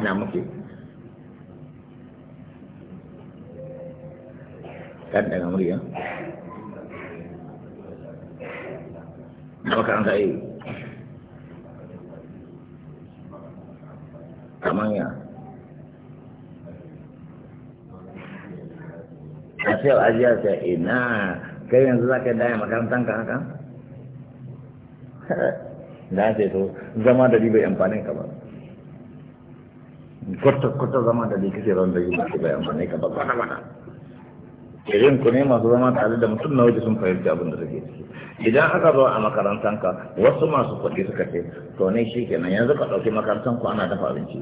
ina muke kan daga murya maka an kai kaman ya a ce wa ajiya ta ina kai yanzu za ka daya makarantar ka haka da <laughs> ce to zama da riba amfanin ka ba kwata-kwata zama da dai kake ran da yi masu bayan ba ne ka ba na mana irin ku ne masu zama tare da mutum na waje sun fahimci abin da suke ciki idan aka zo a makarantar ka wasu masu kuɗi suka ce to ne shi kenan yanzu ka ɗauki ku ana dafa abinci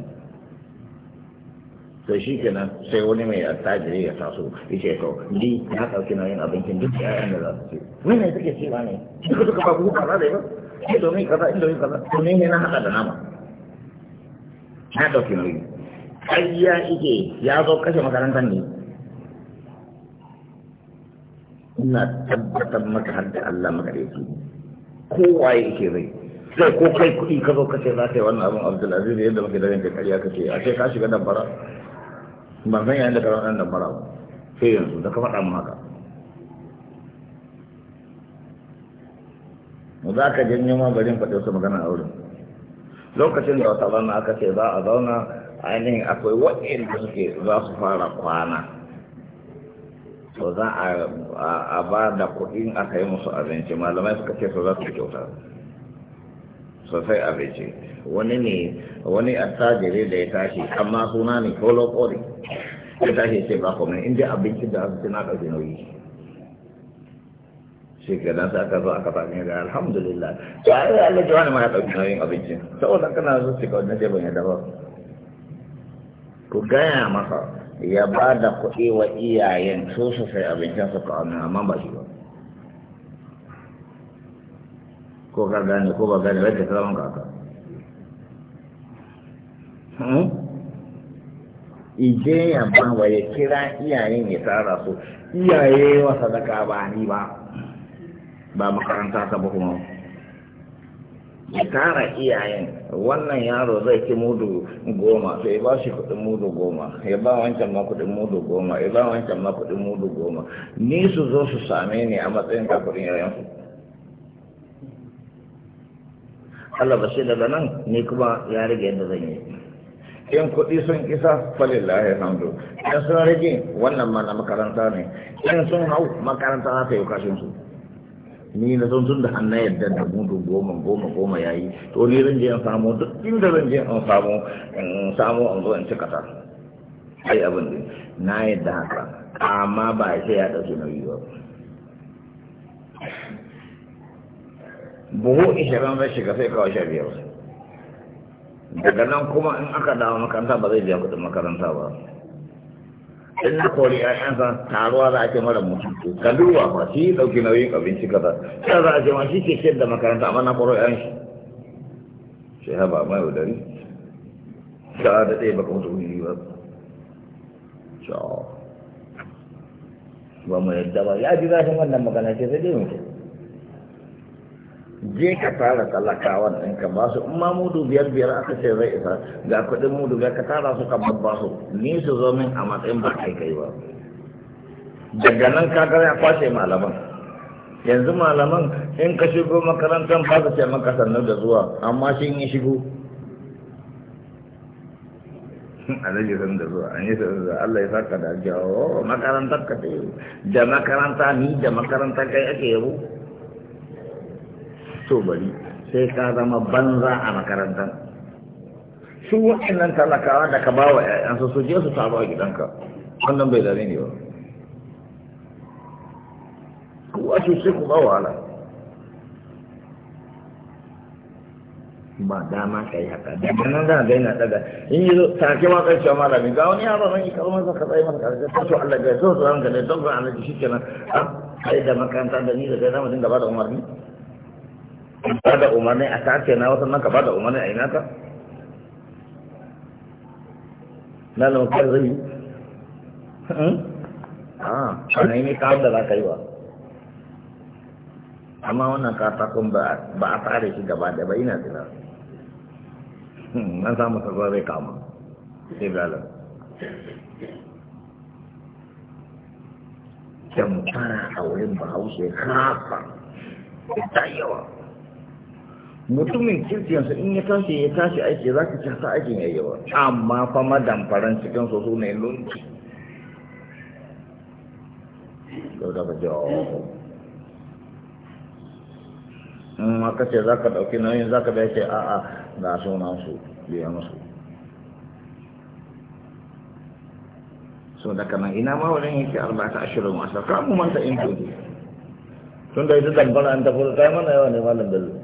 to shi kenan sai wani mai attajiri ya taso ce to ni na ɗauki nauyin abincin duk ƴaƴan da za su ce ni ne suke ce ba ne duka suka ba ku kaza da ba ni domin kaza in domin kaza to ne na haɗa da nama na ɗauki nauyi Ajiya ike ya zo kashe makarantar ne ina tabbatar maka har da Allah maka da yake ike zai? sai ko kai kuɗi ka zo kashe za ka yi wannan abin abdulaziz yadda muke da yanke ƙarya ce a ce ka shiga dambara ban san yayin da ka ranar dambara ba sai yanzu da ka faɗa mu haka mu za ka janyo ma barin faɗi wasu magana a wurin lokacin da wata rana aka ce za a zauna ainihin akwai waɗanda suke za su fara kwana to za a ba da kuɗin aka yi musu abinci malamai suka ce su za su kyauta sosai abinci wani ne wani attajiri da ya tashi amma suna ne kolo kori ya tashi ce ba kuma inda abinci da ce na ɗauki nauyi shi ga aka zo aka faɗi da alhamdulillah to ai Allah ya wani ma ya ɗauki nauyin abincin saboda kana zuci ka wani na ce ban yadda ba ku gaya masa ya ba da kuɗi wa iyayen su su sai abincin su ka amin amma ba shi ba ko ka gane ko ba gane rage salamun ka aka hmm? ije ya ba wa ya kira iyayen ya tara su iyaye wa sadaka ba ni ba ba makaranta ta ba kuma ya tara iyayen wannan yaro zai ki mudu goma sai ya ba shi kudin mudu goma ya ba wancan ma kudin mudu goma ya ba wancan ma kudin mudu goma ni su zo su same ni a matsayin ka kudin yayan su Allah ba shi daga nan ni kuma ya rage yadda zan yi in kuɗi sun isa falillahi alhamdu in sun rage wannan ma na makaranta ne in sun hau makaranta za ta yi kashin su ni na son tun da hannun yadda da mudu goma goma goma ya yi to ni zan je an samu duk inda zan je an samu in samu an zo in ci kasa ai abin din na yadda haka amma ba sai ya ɗauki nauyi ba buhu ishirin zai shiga sai kawai sha biyar daga nan kuma in aka dawo makaranta ba zai biya kuɗin makaranta ba in na kori san taruwa za a ce mara mutunci. ka duba ba shi dauki nauyin abinci ka ta za a ce ma shi ke ciyar da makaranta amma na koro ƴaƴan shi shi ha ba mai wadari ta da ɗaya baka mutu wuri ba ba mu yadda ba ya ji shi wannan magana ce sai dai mutu je ka tara talakawan in ka ba su ma mudu biyar biyar aka ce zai isa ga kuɗin mudu biyar ka tara su ka babba su ni su zo min a matsayin ba kai kai ba daga nan ka ga ya kwashe malaman yanzu malaman in ka shigo makarantar ba su ce maka sannu da zuwa amma shi in shigo zai <laughs> san da zuwa an yi sun da Allah ya saka da jawo makarantar ka da makaranta ni da makaranta kai ake yabo to bari sai ka zama banza a makarantar su waɗannan talakawa da ka bawa wa ‘ya'yansu su je su taro a gidanka wannan bai zare ne ba ku a sai ku ba wahala ba dama ka yi haka daga nan za a na daga in yi take ma kai cewa malami ga wani yaro nan yi kalmar sa ka tsaye masa karfi ta su Allah ga so su ranka ne don ga annabi shi kenan a ah, kai da makaranta da ni da zai zama dinga gaba da umarni ba da umarni a tace na wasu nan ka ba da umarni a ina ka na kai zai a yi hmm? ah, ne kawar da za ka yi ba amma wannan katakon ba a tsare shi gaba da ba ina Na hmm, an samu sarfa zai kama sai galar kyamfara a wurin bahaushe kafa ta yawa mutumin kirkiyarsa in ya tashi ya tashi aiki za ka ci aikin ya yi ba amma fa madamfaran cikin su su ne lunci yau da baje oh. in aka ce za ka ɗauki nauyin za ka ce a a ga sunan su biya musu so daga nan ina ma wurin yake arba'ata ashirin wasa kamun manta in tun da ita dambara an tafi da ta mana yawa ne malam bello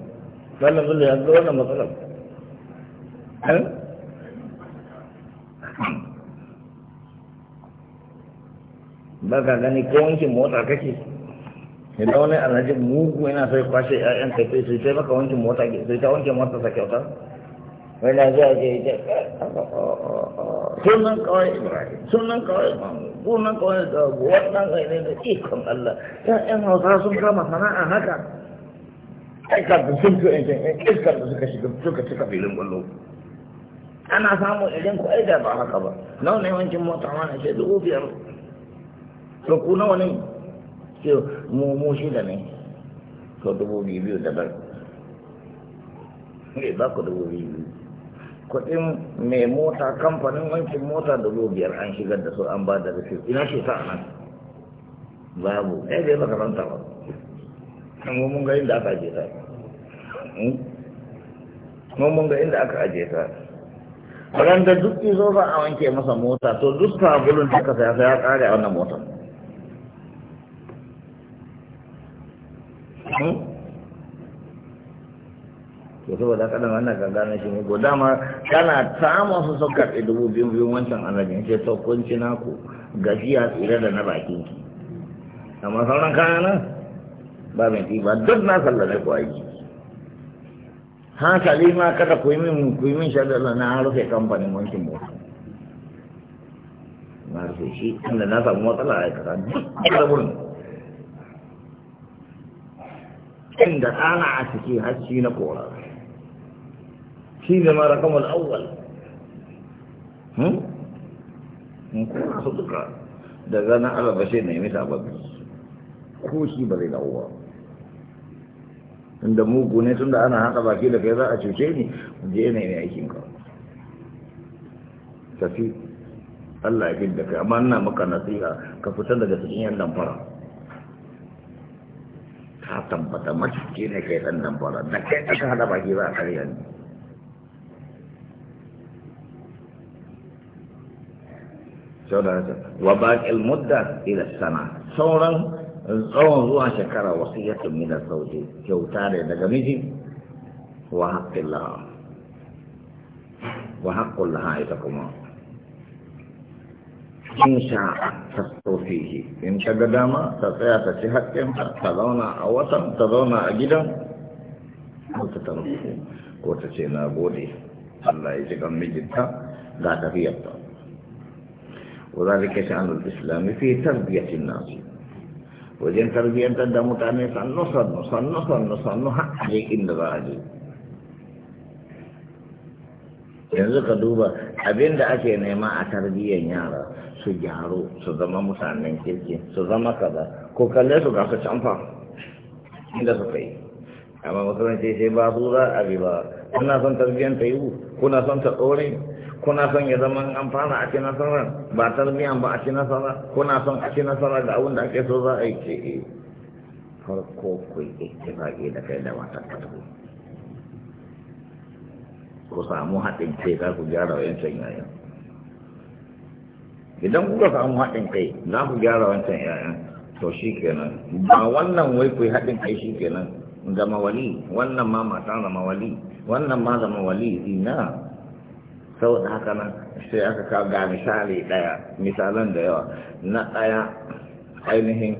wannan ya yanzu wannan matsalar eh? ba ka gani ko wankin mota kake idan wani alhaji mugu yana sai kwashe ƴaƴan ka sai sai maka wankin mota ke sai ta wankin mota sa kyauta wai na zuwa ke ita eh, oh, oh, oh. sunan kawai ibrahim sunan kawai mamu sunan kawai da wannan kai ne da ikon allah ƴaƴan hausa sun kama sana'a haka aikar da sun fi yankin yan iskar da suka shiga suka cika filin kwallo ana samun idan ku aida ba haka ba nawa ne wancan mota ma na ce dubu biyar to ku nawa ne ce mu mu da ne to dubu biyu biyu da bar ne eh, ba ku dubu biyu biyu kuɗin mai mota kamfanin wancan mota dubu biyar an shigar da su an ba da rufe ina shi sa nan babu ɗaya eh, bai makaranta ba mun mun ga inda aka aje ta hmm? mun mun ga inda aka aje ta ran da duk izo ba a wanke masa mota to duk sabulun da ka saya sai ya kare a wannan motar hmm? to saboda kadan wannan ganga na shi mugu dama kana samun su sun karɓi dubu biyu biyu wancan annabin ce to kun ci naku gajiya tsira da na bakin amma sauran kaya nan ba mai ɗiba duk na sallame ku aiki hankali ma kada ku yi min ku yi min shagala na rufe kamfanin wankin mota na rufe shi inda na samu matsala a aikata duk da wurin inda ɗana a ciki har shi na kora shi ne mara kamar awwal in hmm? kora su duka daga na alabashi na yi mita babu ko shi ba zai dawo ba tunda mugu ne tun da ana haɗa baki da kai za a cuce ni je ne ne aikin ka tafi Allah ya da kai amma ina maka nasiha ka fita daga cikin yan damfara Ka tabbata maciki ne kai dan damfara da kai aka haɗa baki za a karya ni saudara wa baƙil mudda ila sana sauran tsawon zuwa shekara wasiyatun min sauti kyauta ne daga miji wa haƙƙin laha wa haƙƙin laha ita kuma in sha'a ta tsofihi in ta ga dama ta tsaya ta ci haƙƙinta ta zauna a watan ta zauna a gidan ko ta tarfi ko ta ce na gode Allah ya ji gan mijinta ga tafiyarta وذلك شأن الإسلام في تربية الناس wajen tarbiyyantar da mutane sannu sannu sannu sannu sannu inda za a je yanzu ka duba abinda ake nema a tarbiyyar yara su gyaro su zama mutanen kirki su zama kaza ko kalle su gasa canfa inda su kai amma musulunci sai ba su za a bi ba kuna son tarbiyyar ta yiwu kuna son ta tsore kuna son ya zama an fara a ci nasara ba tarbiyyar ba a ci nasara kuna son a ci nasara ga abin da ake so za a yi ce farko ku yi ittifaqi da kai da matar ka tafi ku samu haɗin kai za ku gyara wancan yayan idan kuka samu haɗin kai za ku gyara wancan yayan to shi kenan ba wannan wai ku yi haɗin kai shi kenan zama wali wannan ma mata zama wali wannan ma zama wali ina da haka nan sai aka kawo ga misali daya misalan da yawa na daya ainihin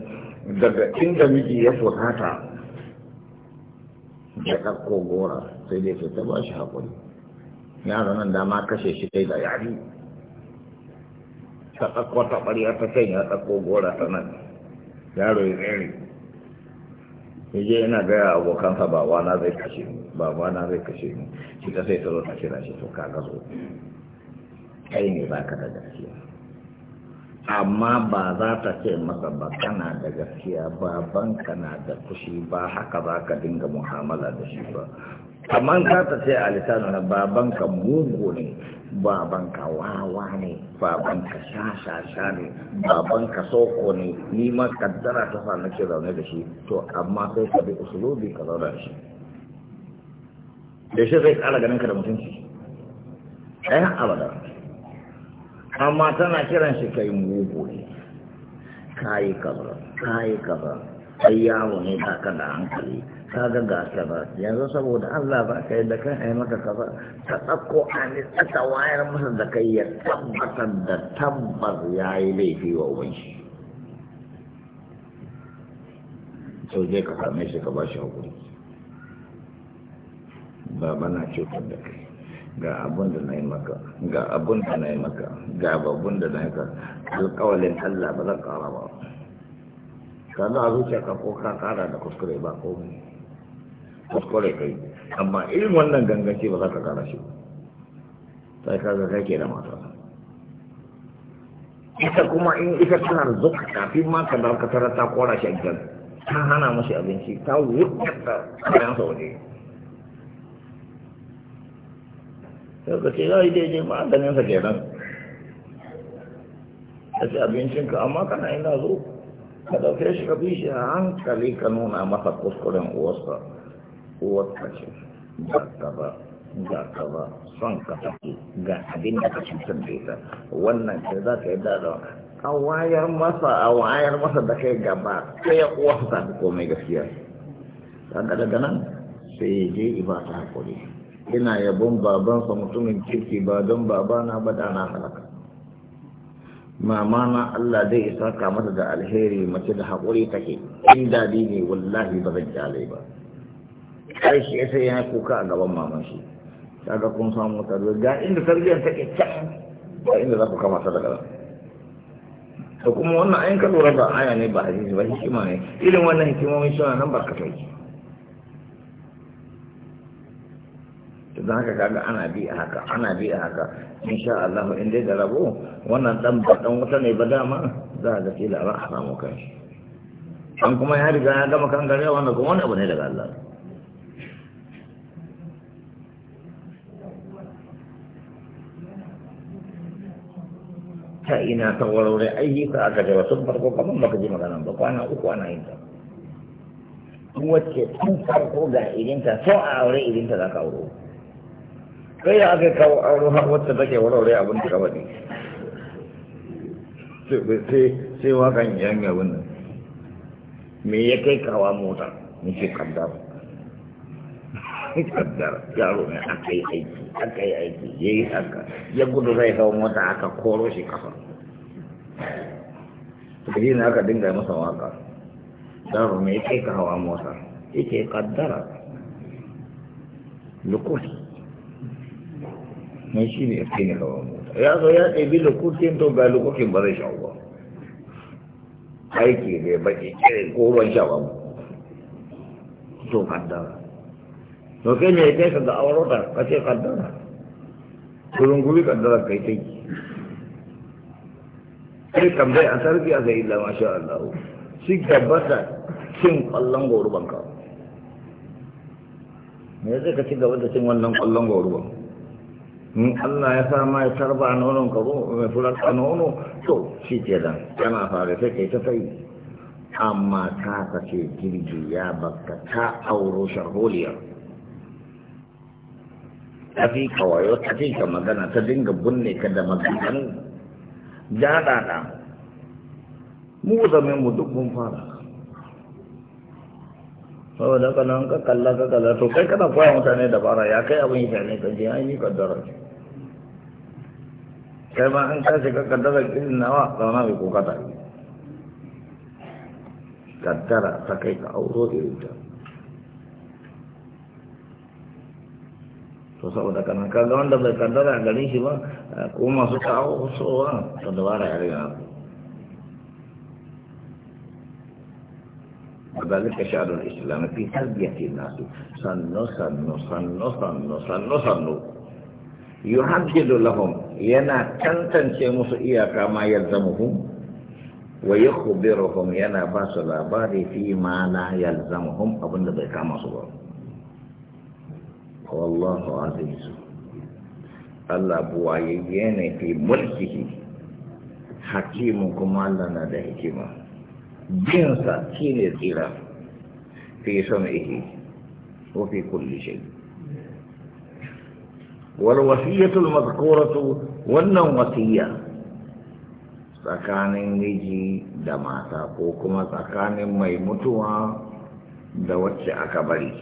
daga inda miji ya furata ya ɗauko gora sai dai ta ba shi haƙuri yaro nan dama kashe shi kai da yari ta ɗauko ta ɓarya ta kai ya ɗauko gora ta nan yaro ya tsere yaje yana gaya abokansa ba na zai kashe ni ba na zai kashe ni shi ta sai tsaro ta kira shi to ka gazo kai ne ba ka da gaskiya amma ba za ta ce masa ba kana da gaskiya ban kana da kushi ba haka za ka dinga mu'amala da shi ba amma za ta ce a lisanu na baban ka mugu ne babanka wawa ne babanka sha-sha-sha ne babanka soko ne ni ma kaddara ta na ke zaune da shi to amma sai ka bi usulobi ka zaune da shi da shi zai kara ganin ka da mutunci ɗaya abada amma tana kiran shi kai mugu ne kayi kaza kayi kaza ai yawo ne da, ka da hankali ka ga gasa ba yanzu saboda Allah ba ka da kan ai maka kaza ta a an ta wayar masa da kai ya tabbatar da tabbar yi laifi wa shi. to je ka same shi ka ba shi hakuri baba na cutar da kai ga abun da na yi maka ga abun da na yi maka ga babun da na yi maka alƙawalin Allah ba zan ƙara ba ka za a zuciya ka ko ka ƙara da kuskure ba komai kuskure kai amma irin wannan gangace ba za ka kara shi sai ka ga kake da mata ita kuma in ita tana zuka kafin ma ka dawo ka tara ta kora shi a gidan ta hana mashi abinci ta wurkata kayan sa waje sai ka ce za yi daidai ma ganin sa kenan ka abincin ka amma kana ina zo ka dauke shi ka bi shi a hankali ka nuna masa kuskuren uwarsa uwar kashe ba ta ba ga ka ba son ka take ga abin da ka cutar da ita wannan kai za ka yi da a wayar masa a wayar masa da kai gaba sai ya kowa su tafi komai gaskiya kaga daga nan sai ya je iba ta haƙuri ina yabon baban sa mutumin kirki ba don babana ba da na halaka mama na Allah zai isa ka mata da alheri mace da haƙuri take in dadi ne wallahi ba zan kyale ba aiki ya sai ya kuka a gaban maman shi kaga kun samu tarbiyyar ga inda tarbiyyar take can ba inda za ku kama ta daga to kuma wannan ayin ka lura ba aya ne ba hadisi ba hikima ne irin wannan hikimomin suna nan ba ka sauki to don haka kaga ana bi a haka ana bi a haka insha Allah in dai da rabo wannan dan ba dan wata ne ba dama za ka kila ba a samu kanshi an kuma ya riga ya gama kan gare wanda kuma wani abu ne daga Allah ta ina ta warware ayyuka aka jira sun farko kamar baka ji magana ba kwana uku ana yin ta wacce sun farko ga irinta so a aure irinta za ka auro kai da aka kawo auro har wacce take warware abin da kaba ne sai wakan yan ga wannan me ya kai kawa mota nake kaddara kaddara yaro ne aka yi aiki aka yi aiki ya yi haka ya gudu zai kawo mota aka koro shi kafa shi ne aka dinga masa waka daro mai kai ka hawa mota yake kaddara lukuti mai shi ne kai ne hawa mota ya zo ya ɗabi lukutin to ga lukutin ba zai shawo ba aiki bai baki irin eh, ko ban sha ba to kaddara to kai ne kai da awar wata ta ka ce kaddara kurun guri kaddara kai kai sai tambayi a sarki a zai illa masha Allah shi gabata cin kwallon goruban ka me zai ka ci gaba da cin wannan kwallon goruban in Allah ya sa ma ya tarba a nonon ka mai furar a nono to shi ke nan yana fara sai kai ta sai amma ta kace girgi ya bakka ta auro sharholiyar Tafi ka kawayo ta ka magana ta dinga bunne ka da maganganu jaɗaɗa mu zame mu duk mun fara sau da kanan ka kalla ka kalla to kai kana koya mutane da fara ya kai abin ita ne Ka je an yi kaddara kai ma an kashe ka kaddara irin nawa zauna mai kokata kaddara ta kai ka auro irin ta to saboda kanan kaga wanda bai kaddara a gare shi ba ko masu kawo sowa to dabara ya riga وذلك شعر الإسلام في تربية الناس سنو سنو سنو سنو سنو سنو يحدد لهم ينا تنتن شمس إياك ما يلزمهم ويخبرهم ينا باس الأبار فيما لا يلزمهم أبن بكام صبر wallahu azizu Allah buwayayye ne fi mulkihi hakimin kuma Allah na da hikima jinsa shi ne tsira fi sam'ihi ko fi kulli shay wal wasiyatu al wannan wasiyya? tsakanin miji da mata ko kuma tsakanin mai mutuwa da wacce aka bari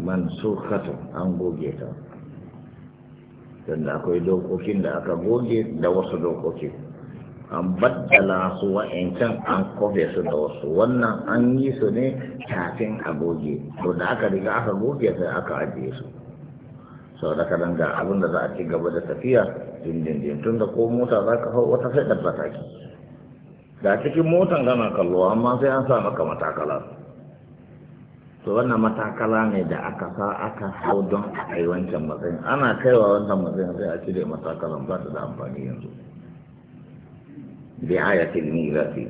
man sukatu an goge ta tunda akwai dokokin da aka goge da wasu dokoki an baddala su wa'ancan an kofe su da wasu wannan an yi su ne kafin a goge to da aka riga aka goge sai aka ajiye su sau da kadan ga abin da za a ci gaba da tafiya dindindin tun da ko mota za ka hau wata sai ɗabba taki da cikin motan gana kallo amma sai an sa maka matakala to wannan matakala ne da aka sa aka hau don a kai wancan matsayin ana kaiwa wancan matsayin sai a cire matakalan ba su da amfani yanzu bi ayatul mirafi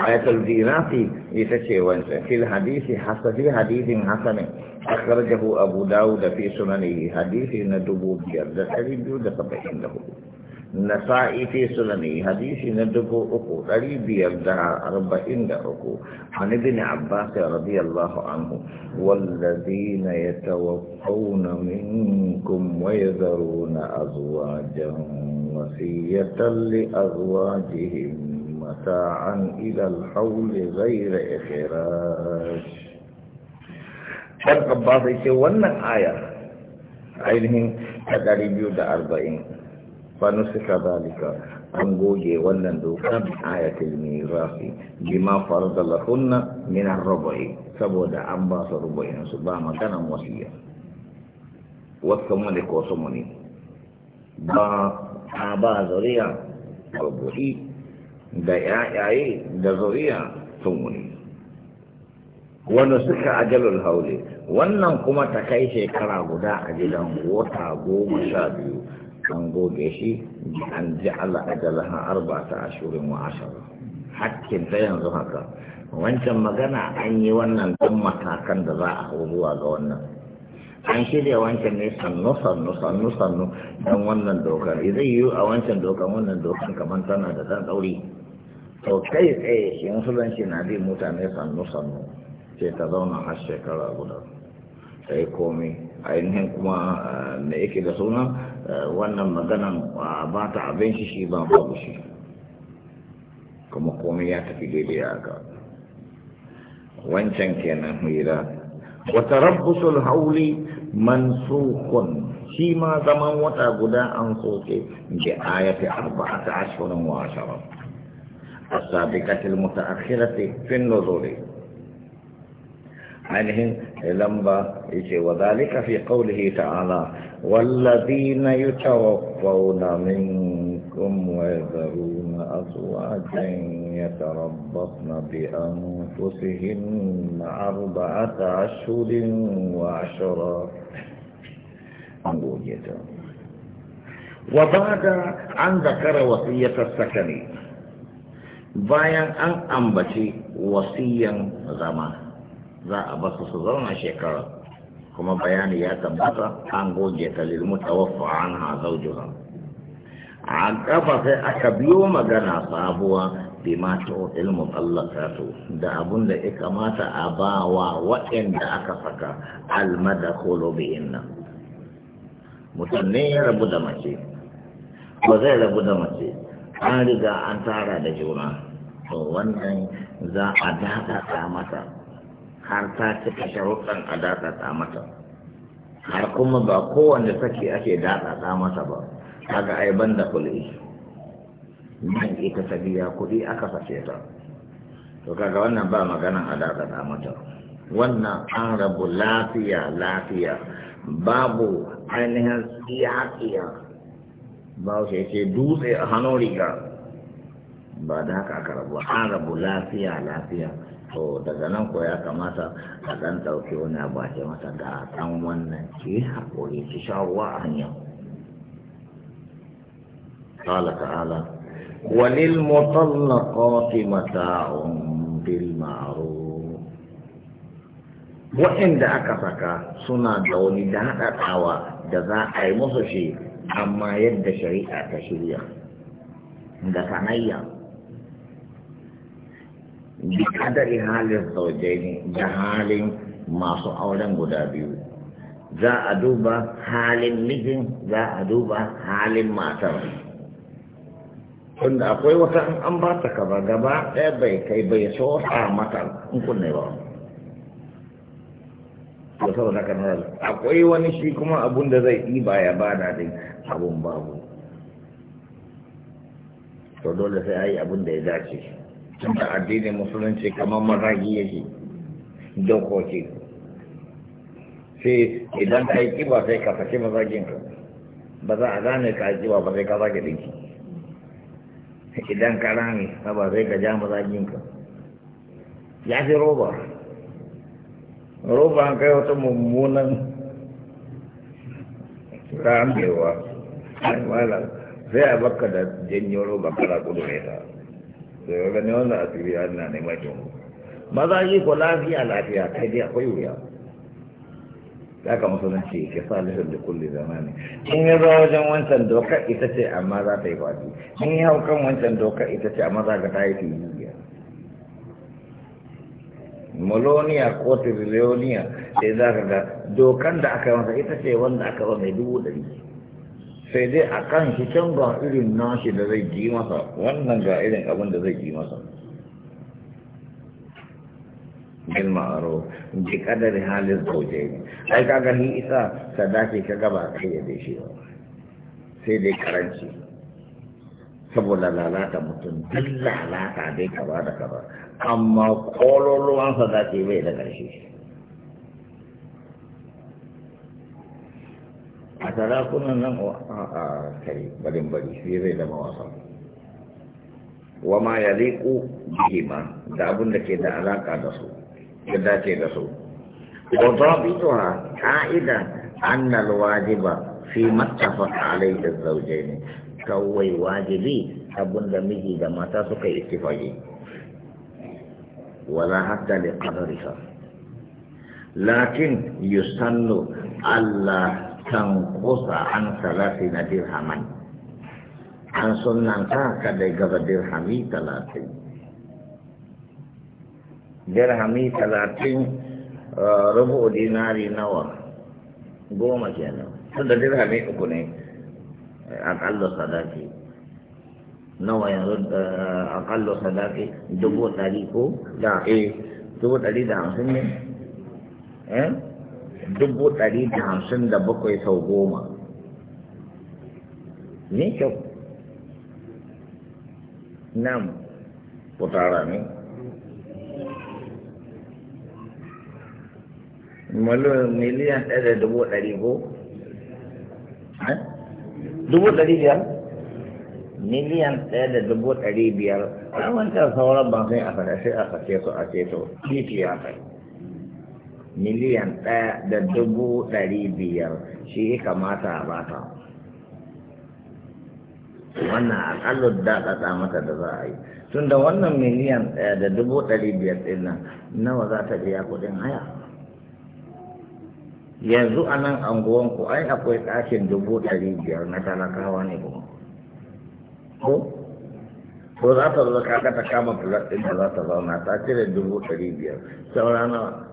ayatul mirasi ita ce wancan fil hadisi hasabi hadisin hasanin akhrajahu abu dawud fi sunanihi hadisi na dubu biyar da ɗari biyu da saba'in da hudu نسائي في سنن حديث ندكو أكو قريب يبدأ أربعين أكو عن ابن عباس رضي الله عنه والذين يتوفون منكم ويذرون أزواجا وصية لأزواجهم متاعا إلى الحول غير إخراج شرق عباس يقول وانا آية عينهم تقريب يبدأ أربعين فنسك ذلك أنجوجي ولندوك آية الميراث بما فرض لهن من الربع سبودا أنباس ربعين سبحانه كان وثم والثمن كوسمني با أبا زريا ربعي دا yayaye da zuriya sun wuni wanda suka ajalul haule wannan kuma ta kai shekara guda a gidan wata goma sha biyu an goge shi an Allah ja'ala arba arba'ata ashirin wa ashara hakkin ta yanzu haka wancan magana an yi wannan dan matakan da za a hau zuwa ga wannan an shirya wancan ne sannu sannu sannu sannu dan wannan dokar zai yi a wancan dokar wannan dokar kamar tana da dan ɗauri to kai tsaye yin sulanci na bi mutane sannu sannu sai ta zauna har shekara guda sai komai ainihin kuma eh, me yake da sunan eh, wannan maganan ba ta abin shi shi ba babu shi kuma komai ya tafi daidai a ga wancan kenan hira wata rabbusul hauli mansukun shi ma zaman wata guda an soke da ayati arba'ata ashhurin wa ashara a sabiqati mutaakhirati fi an-nuzuri ainihin لمبا يجي وذلك في قوله تعالى والذين يتوفون منكم ويذرون أزواجا يتربطن بأنفسهن أربعة أشهر وعشرا وبعد أن ذكر وصية السكنين بايا أن أنبتي وصيا زمان za a basu su zauna shekara kuma bayani ya tabbata an goge ta lil an anha zawjuha a kafa sai aka biyo magana sabuwa bima tu'til mutallaqatu da abun da ya kamata a ba wa waɗanda aka saka almadkhulu bi inna mutum ne ya rabu da mace ba zai rabu da mace an riga an tara da juna to wannan za a daɗaɗa mata har ta cika sharuɗan a datsatsa mata har kuma ba kowanne sake ake datsatsa mata ba kaga ai ban da kuli nan ita ta biya kuɗi aka sace ta to kaga wannan ba maganan a datsatsa mata wannan an rabu lafiya lafiya babu ainihin tsiya ba su ce dutse a hannun riga ba da haka aka rabu an rabu lafiya lafiya to daga nan ko ya kamata a ɗan ɗauki wani abu a masa ga ɗan wannan ki haƙuri ki sha ruwa a hanya qala ta'ala wa mutallaqati mata'un bil ma'ruf wa'inda aka saka suna da wani daɗaɗawa da za a yi musu shi amma yadda shari'a ta shirya da sanayya bi kadari halin zaujaini da halin masu auren guda biyu za a duba halin mijin za a duba halin matar tunda akwai wata an ba ta kaba gaba ɗaya bai kai bai so a mata in kunne ba kan akwai wani shi kuma abun da zai ɗiba ya bada din abun babu to dole sai a yi abun da ya dace tunda addinin musulunci kamar maragi yake dokoki sai idan ka yi kiba sai ka fashe mazagin ka ba za a gane ka yi kiba ba sai ka zage dinki idan ka rame ba sai ka ja mazagin ka ya fi roba roba an kai wata mummunan ramewa sai a baka da janyo roba kala kudu mai ta da ya gani wannan an na neman jin maza yi ko lafiya lafiya kai dai akwai wuya ya ka ce ke sa salihin da kulle zamani in ya zo wajen wancan doka ita ce amma za ta yi kwaji in ya hau kan wancan doka ita ce amma za ka ta yi fiye Molonia ko Tirilioniya sai za ka ga dokan da aka masa ita ce wanda aka zo mai dubu ɗari sai dai a kan shi can ga irin nashi da zai ji masa wannan ga irin abin da zai ji masa bin ma'aro ji kadar halin zauje ne ai kaga ni isa sadaki ka gaba kai ya dai shi sai dai karanci saboda lalata mutum duk lalata dai kaba da kaba amma kololuwan sadaki bai da karshe a sarakunan nan a kai barin bari shi zai zama wasa wa ma ya liku ma da abin da ke da alaka da su ya dace da su wa ha ka'ida anna wajiba fi mattafaqa alayhi az kawai wajibi abin da miji da mata suka yi ittifaqi wala hatta li qadarisa lakin yusannu Allah تنقص عن ثلاثين درهما عن سنة كذا كذا درهمي ثلاثين درهمي ثلاثين ربع ديناري نوى goma kenan tunda dirhami uku ne aƙalla sadaki nawa yanzu uh, aƙalla sadaki eh, dubu ɗari da hamsin ne eh? dubu ɗari da hamsin da bakwai sau goma ne kyau nan kutara ne miliyan ɗaya da dubu ɗari ko eh? dubu ɗari biyar miliyan ɗaya da dubu ɗari biyar a wancan sauran ban sai a faɗa a kashe su a ceto titi ya kai miliyan ɗaya da dubu ɗari biyar shi kamata a bata wannan aƙallu daɗaɗa mata da za a yi tun da wannan miliyan ɗaya da dubu ɗari biyar ɗin nan nawa za ta biya kuɗin haya yanzu a nan ku ai akwai ɗakin dubu ɗari biyar na talakawa ne kuma ko ko za ta zo kaka ta kama fulat ɗin da za ta zauna ta cire dubu ɗari biyar saura nawa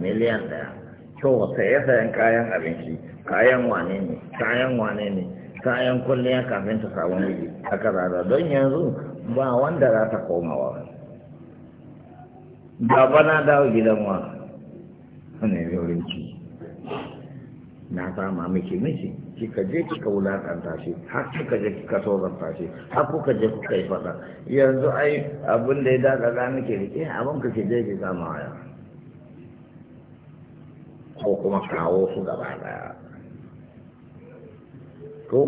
miliyan ɗaya to saye sayan kayan abinci kayan wane ne kayan wane ne kayan kulliya kafin ta samu miji haka zaza don yanzu ba wanda za ta ba baba na dawo gidan wa ne wurin na sama miki miki kika je kika wulakanta shi har kika je kika tozanta shi har kuka je kuka yi fada yanzu ai abin da ya daga za nake rike abin ka ke je ki kama waya ko kuma kawo su gaba daya ko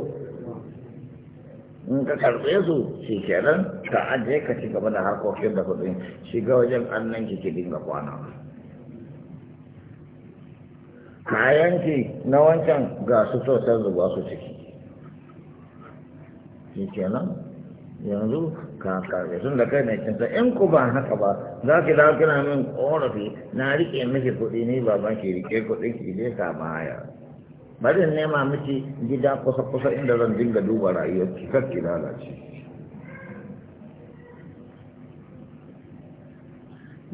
in ka karɓe su shi kenan ka ajiye ka ci gaba da harkokin da kuɗi shiga wajen annan ki dinga kwana ki na wancan ga su sosai zuba su ciki shi kenan yanzu ka kare sun da kai mai cinta in ku ba haka ba za ki dawo kina min korafi na rike miki kuɗi ni baban ki rike kuɗi ki je ka baya bari nema miki gida kusa kusa inda zan dinga duba rayuwar ki kar ki lalace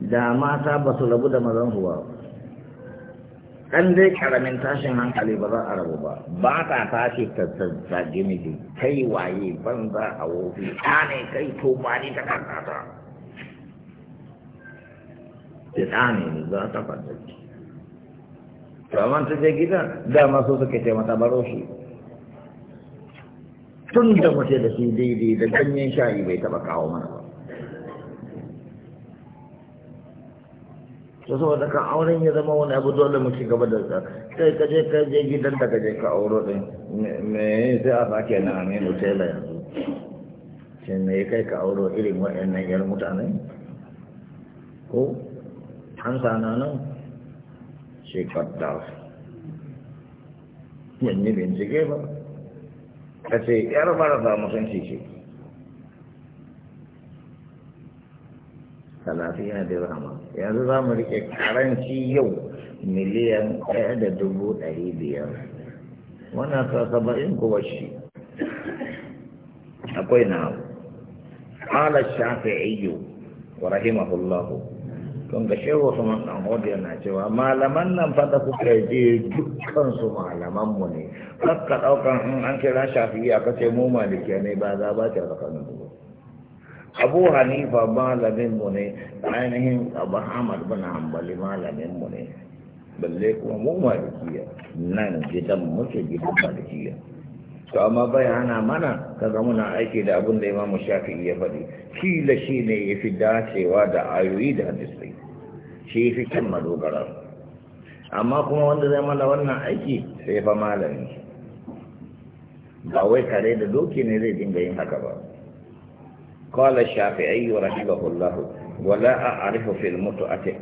da mata ba su rabu da mazan ba ɗan dai karamin tashin hankali ba za a rabu ba ba ta tashi ta zage miji kai waye banza a wofi ɗa ne kai to ba ni ta kankata ta ɗa ne za ta fantaki to amma ta je gidan dama su suka ce mata baro shi tun da mace da shi daidai da ganyen shayi bai taɓa kawo mana ba to saboda ka auren ya zama wani abu dole mu ci gaba da sa sai ka je ka je gidan da ka je ka auro din me sai a sake na Aminu Tela yanzu shin me kai ka auro irin wa'annan yar mutane ko an sana nan shi ka da ban yi bincike ba ka ce yar marasa mutunci shi talatin dirhama yanzu za mu rike karanci yau miliyan ɗaya da dubu ɗari biyar wannan sa saba'in kuwa shi akwai na ala ayyu wa rahimahullahu kun ga shehu Usman dan Hodi na cewa malaman nan fa da kuka je dukkan su malaman mu ne kakka daukan in an kira shafi'i aka ce mu malikiya ne ba za ba ta tsakanin mu abu hanifa malamin mu ne ainihin abu hamad bin hanbali malamin mu ne balle kuma mu malikiya nan gidan muke gidan malikiya to amma bai hana mana kaga muna aiki da abin da imamu shafi ya faɗi kila shi ne ya fi dacewa da ayoyi da hadisai shi ya fi kan madogara amma kuma wanda zai mana wannan aiki sai fa malami ba wai kare da doki ne zai dinga yin haka ba kwallon shafi ayyuwar rahimahullahu wala a arifu fil mutu a ce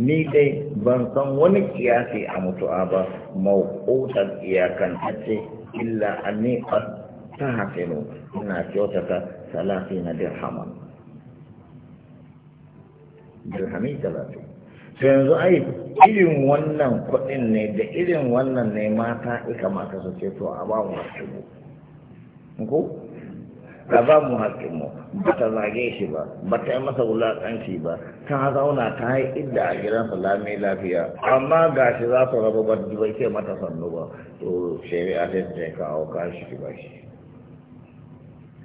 ni dai ban san wani kiyasi a mutu'a ba mawukotar iyakan a ce illa a ne a ta hafinu ina kyauta ta na dirhama dirhami talafi su yanzu ai irin wannan kuɗin ne da irin wannan ne mata ika mata su ce to a ba mu wasu ka ba mu haƙƙinmu ba ta zage shi ba ba ta yi masa wulaƙanci ba ta zauna ta yi inda a gidan salami lafiya amma ga shi za su raba ba bai ke mata sannu ba to shari'a sai ta kawo kashi shi ba shi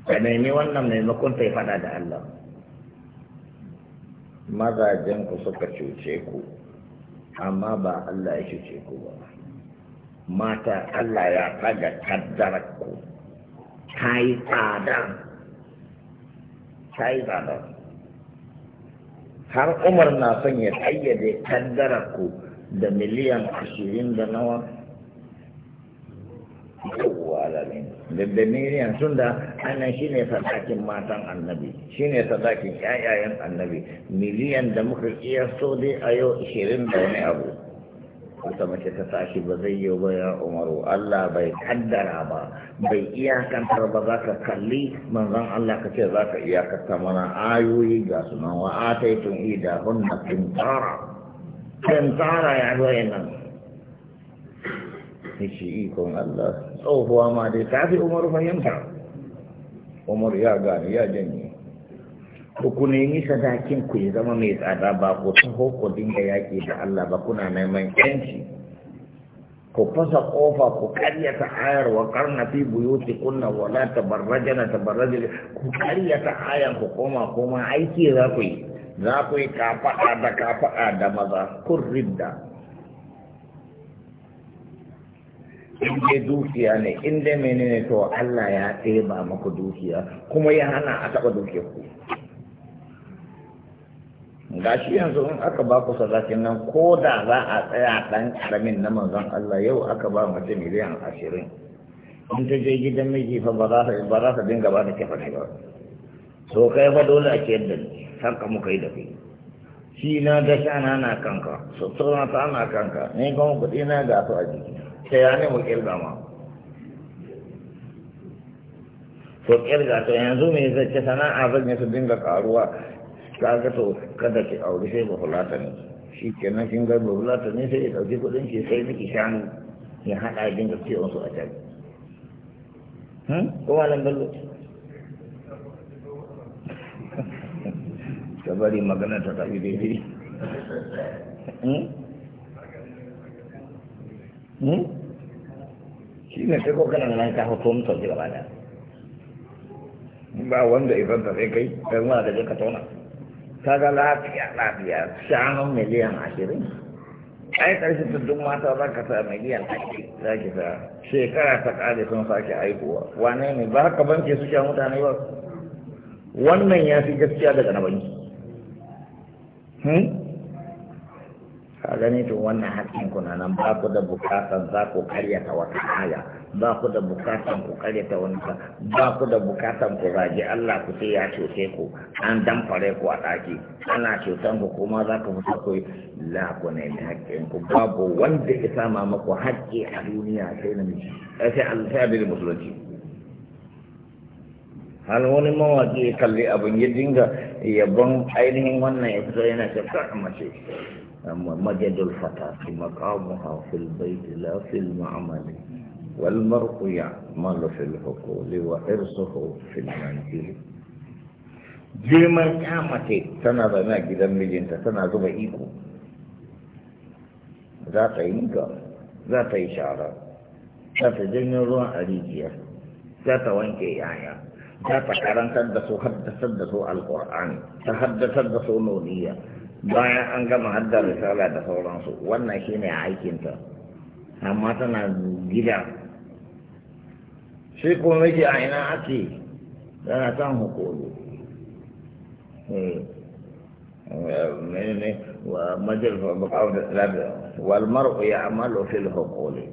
ka nemi wannan maimakon ta yi faɗa da Allah mazajen ku suka cuce ku amma ba Allah ya cuce ku ba mata Allah ya ɗaga kaddarar ku ta yi tsada har umar na son ya ƙayyade kaddarar ku da miliyan ashirin da nawa yawwa lalin da miliyan tun da annan shi ne sadakin matan annabi shi ne sadakin ƴaƴayen annabi miliyan da muka iya so dai a yau ashirin da wani abu wata mace ta sashi ba zai yi ba ya umaru Allah bai kaddara ba bai iyakantar ba za ka kalli manzon Allah ka ce za ka iyakanta mana ayoyi ga sunan wa ataitun ida hunna kintara kintara ya zo nan shi ikon Allah tsohuwa ma dai ta fi umaru fahimta Umaru ya gani ya janye ko ku nemi sadakin ku ya zama mai tsada ba ku taho ku dinga yaƙi da Allah ba kuna neman yanci ku fasa ƙofa ku ta ayar wa karna fi buyuti kunna wala tabarrajana tabarrajal ku ta ayar ku koma koma aiki za ku yi za ku yi kafaɗa da kafaɗa da maza kun ridda in dai dukiya ne in dai menene to Allah ya ɗeba maku dukiya kuma ya hana a taɓa dukiya ku ga shi yanzu in aka ba ku sadakin nan ko da za a tsaya ɗan ƙaramin na manzon Allah yau aka ba mace miliyan ashirin in ta je gidan miji fa ba za ta ba za ta dinga ba da kefa ne ba to kai fa dole a ciyar da ni haka mu kai da kai shi na da shana na kanka sutura ta na kanka ni kuma kuɗi na ga su a jiki sai ya ne mu kirga ma to kirga to yanzu me zai ce sana'a zan yi su dinga karuwa ka ga to kada ki aure sai ba hulata ne shi kenan kin ga ba hulata ne sai ya dauki kudin ki sai miki shanu ya hada din da ciwon su a can hmm ko malam bello ka bari magana ta tafi daidai hmm? Hmm? shi ne sai ko kana nan ka hukum to gaba da ba wanda idan da sai kai kai ma da ka tona kaga lafiya lafiya shanun miliyan ashirin ai ƙarshen tuttun mata za ka sa miliyan ashirin za ki sa shekara ta ƙare sun sake aikuwa wane ne ba haka banke su sha mutane ba wannan ya fi gaskiya daga na banki hmm? ka gani to wannan haƙƙin ku nan ba ku da bukatan za ku karyata wata haya ba ku da bukatan ku karyata wani ba ku da bukatan ku zagi Allah ku ce ya cuce ku an damfare ku a ɗaki ana cutan ku kuma za ku fita ku la ku ne ne haƙƙin ku babu wanda ya sama maku haƙƙi a duniya sai namiji eh, sai alfa'abir musulunci hal wani mawaƙi ya kalli abin ya dinga yabon ainihin wannan ya fito yana shakka a shi أما مجد الفتاة في مقامها في البيت لا في المعمل والمرء يعمل في الحقول وحرصه في المنزل جيما كامتي سنة بما جدا مجنت سنة زبا إيكو ذات إنكا ذات إشارة ذات جنر أريجيا ذات وانكي آيا ذات كارنتا دسو حدثت دسو القرآن تحدثت دسو نونيا bayan an gama haddar risala da sauransu wannan shi shine aikinta amma tana gida shi kuma miji a ina ake tana kan hukulu eh. menene wa majal walmar ya amalo fil hukuli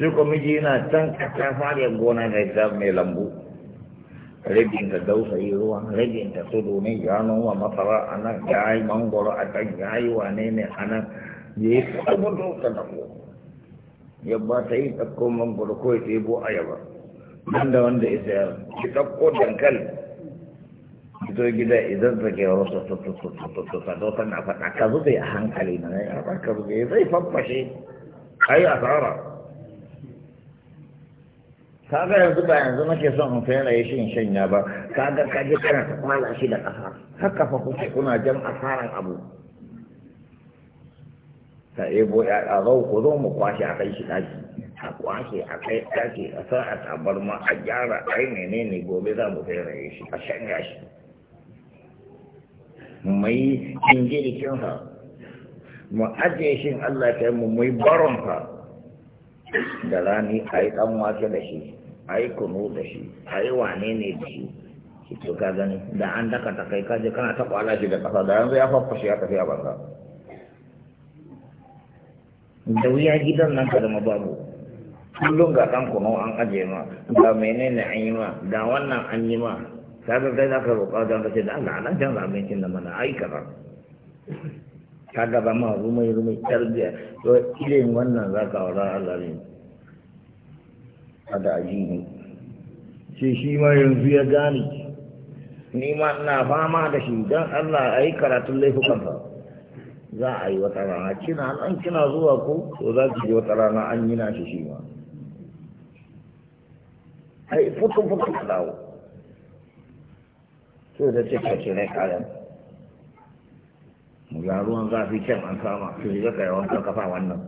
shi kuma miji yana can kasa fariyar gona mai lambu rabin da dausayi ruwa rabin da su domin ya noma masara a nan ya yi mangoro a can ya yi wane ne a nan ya yi sabon dausa na ko ya ba ta yi ɗauko mangoro ko ya a ayaba nan da wanda ya sayar ki dankali fito gida idan zage wa wasu asara. kaga yanzu ba yanzu nake son in fara ya shin shanya ba kaga ka ji kana ta kwala shi da ƙasa haka fa kuke kuna jan asaran abu ta ebo a zau ko zo mu kwashe a kai shi ɗaki a kwashe a kai ɗaki a sa a tabar ma a gyara ai menene gobe za mu fera ya shi a shanya shi mai injirikinsa mu ajiye shi Allah ta yi mu mai baronsa da rani a yi ɗan wasa da shi a yi kunu da shi a yi wane ne da shi shi to ka gani da an daka ta kai kaje kana ta kwala shi da kasa, da yanzu ya shi ya tafi a banza da wuya gidan nan ka zama babu kullum ga ɗan kunu an aje ma ga menene an yi ma ga wannan an yi ma kaga kai za ka roƙa don ka ce da Allah a nan canza abincin da mana aikata ka gaba ma rumai rumai tarbiya to irin wannan za ka aura Allah a da ajini sai shi ma yanzu ya gane ni ma ina fama da shi don Allah a yi karatun laifukan fa za a yi wata rana kina nan kina zuwa ko to za ki yi wata rana an yi na shi shi ma ai futu futu dawo to da take kire kayan ga ruwan zafi can an sama su shiga kai wanka kafa wannan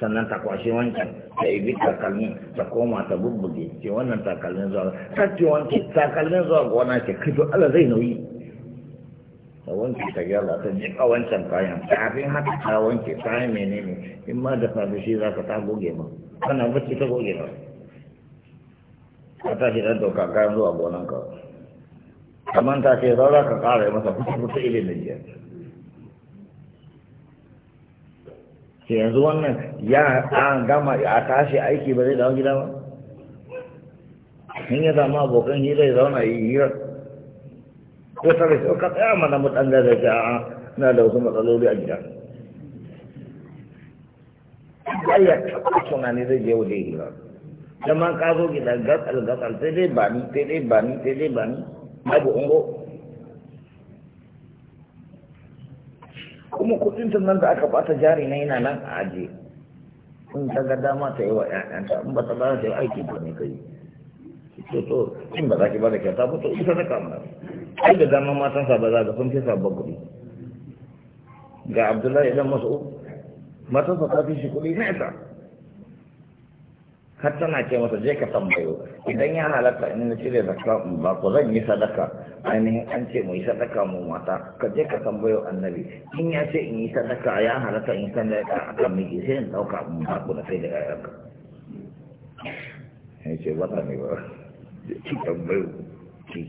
sannan ta kwashe wancan ta ibi takalmin ta koma ta bubbuge ce wannan takalmin zuwa ta ce takalmin zuwa gona ce kai to Allah zai nauyi ta wancan ta gyara ta jika wancan kayan kafin haka ta wanke kayan menene in ma da safe shi za ka ta goge ma kana bacci ta goge ma ka tashi ɗan doka kayan zuwa gonanka kaman ta ce zaura ka ƙara masa kusa-kusa ilin da jiya ke yanzu wannan ya an gama a tashi aiki ba zai dawo gida ba in ya zama abokan hira ya zauna yi hira ko tare sai ka tsaya mana mu ɗan gaza ce a na da wasu matsaloli a gida ya ya taɓa tunani zai je wajen hira da man ka zo gida gatsal gatsal sai dai ba ni sai dai ba ni sai dai ba ni babu ungo kuma kudin nan da aka bata jari na yana nan a aje in ta ga dama ta yi wa ƴaƴanta in ba ta ba ta yi aiki ba ne kai to to in ba za ki ba da kyauta ba to ita ta kama ai da dama matan sa ba za ga sun fi sabon kuɗi ga abdullahi idan masu matan sa ta fi shi kuɗi na ita har tana ce masa je ka tambayo idan ya halatta in na cire zaka ba ku zan yi sadaka ainihin an ce mu yi sadaka mu mata ka je ka tambayo annabi in ya ce in yi sadaka ya halatta in san da ya kan miji sai in dauka mu ba ku na sai da ka ya ce wata ne ba ki tambayo ki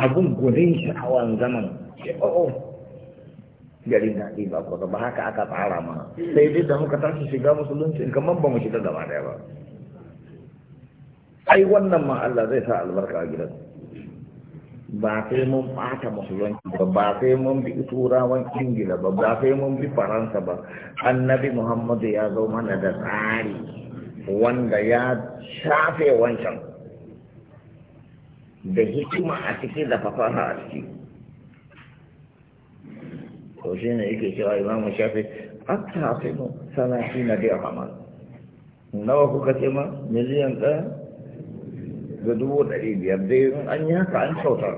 abun gudun sha'awan zaman ya ba'o Gari daɗi ba ko ba haka aka tsara mana sai dai da muka tashi shiga musulunci kamar ba mu shiga gaba daya ba ai wannan ma Allah zai sa albarka a gidan ba sai mun bata musulunci ba ba sai mun bi turawan ingila ba ba sai mun bi faransa ba annabi muhammadu ya zo mana da tsari wanda ya shafe wancan da hikima a ciki da fasaha a ciki وجينا إيكي جاء إمام الشافعي أنت أعطيه ثلاثين درهما نوكو كتما مليان ده بدو دليل يبدو أن يقع عن شوتر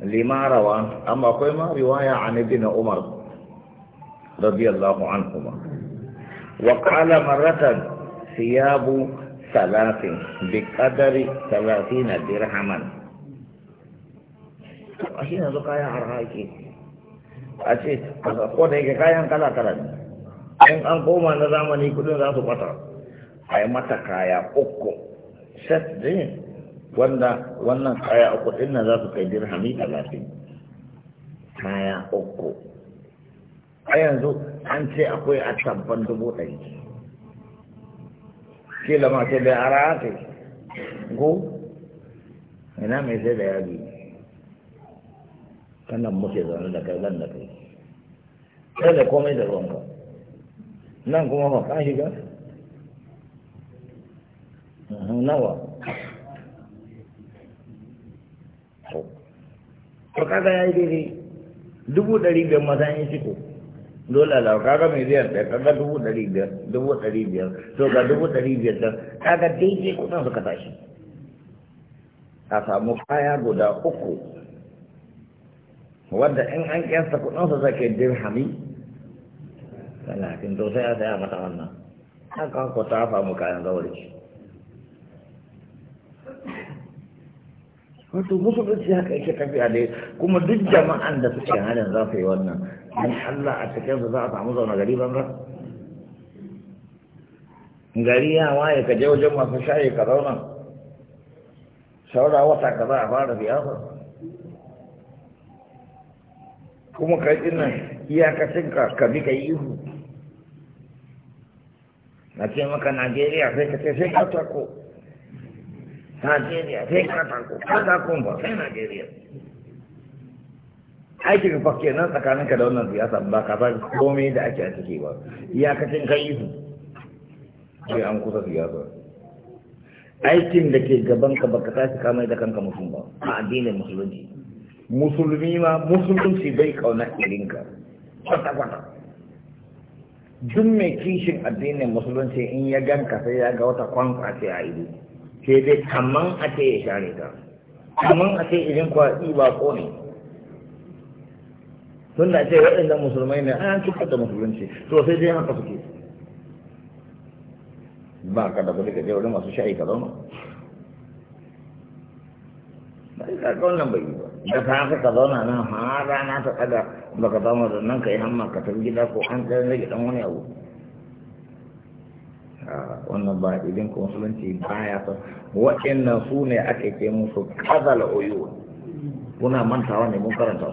لما روى أما قيمة رواية عن ابن عمر رضي الله عنهما وقال مرة ثياب ثلاث بقدر ثلاثين درهما a shi yanzu kayan arha ke a ce ko da yake kayan kala kala ne in an koma na zamani kudin za su bata a yi mata kaya uku set din wanda wannan kaya uku din nan za su kai dirhami talatin kaya uku a yanzu an ce akwai a tabban dubu ɗari ke ma ce da ara ce go ina mai sai da yaji kanan muke zaune da kai ban da kai kai da komai da ruwanka nan kuma ba ka shiga nawa to kaga ya yi daidai dubu dari biyar maza yin shiko dole ala kaga mai biyar da kaga dubu dari biyar dubu dari biyar to ga dubu dari biyar ka kaga daidai kuɗin suka tashi a samu kaya guda uku wadda in an kiyasta kudinsa zai kai dirhami kin to sai a saya mata wannan haka ko ta fa famu kayan zaure wato musulunci haka yake tafiya dai kuma duk jama'an da suke halin za su yi wannan in Allah a cikin su za a samu zauna gari ban ba gari ya waye ka je wajen masu shayi ka zauna saura wata ka za a fara siyasa kuma kai dinnan iyakacin ka ka bi ka yi ihu na ce maka najeriya sai ka ce sai ka tako najeriya sai ka tako ka tako ba sai najeriya aiki ka fakke nan ka da wannan siyasa ba ka fa komai da ake a ciki ba iyakacin ka ihu sai an kusa siyasa aikin da ke gaban ka baka tashi kamar da kanka mutum ba a addinin musulunci musulmi ma musulunci bai kauna irinka kwata-kwata duk mai kishin addinin musulunci in ya ganka sai ya ga wata kwankwa ce a ido sai dai kaman a ce ya share ta kaman a ce irin kwaɗi ba ko ne tun da ce waɗanda musulmai ne an cutar da musulunci to sai dai haka suke ba ka da kuɗi ka je wani masu sha'i ka zauna ba ka wannan bai yi ba da safe ka zauna nan ha rana ta tsaga ka samu da nan ka yi hamma ka tafi gida ko an tsaye rage dan wani abu wannan ba idin ko musulunci ya son waɗannan su ne ake ce musu kazal oyo kuna mantawa ne mun karanta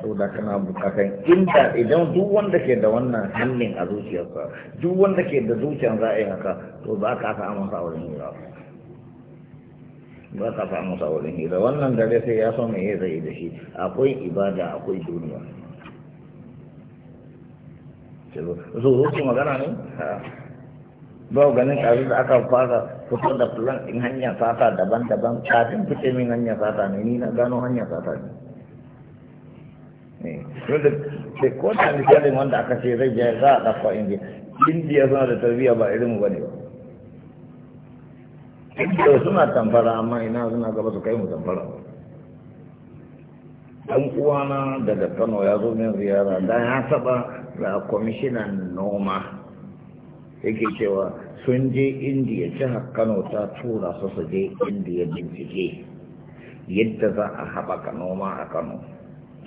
su da kana bukatan inda idan duk wanda ke da wannan hannun a zuciyarsa duk wanda ke da zuciyar za a yi haka to ba ka samu sa wurin yura ba ka fa masa wurin hira wannan dare sai ya so mai ya zai da shi akwai ibada akwai duniya zuwa magana ne ba ganin ƙaru da aka fara fito da fulan in hanyar fata daban-daban kafin fice min hanyar fata ne ni na gano hanyar fata ne yadda eh, da ko ta misalin wanda aka ce zai biya za a ɗafa indiya indiya suna da tarbiyya ba irin mu ba ne ba da suna tambara amma ina suna gaba su kai mu tambara dan uwana daga kano ya zo min ziyara da ya saba da kwamishinan noma yake cewa sun je indiya jihar kano ta tura su su je indiya bincike yadda za a haɓaka noma a kano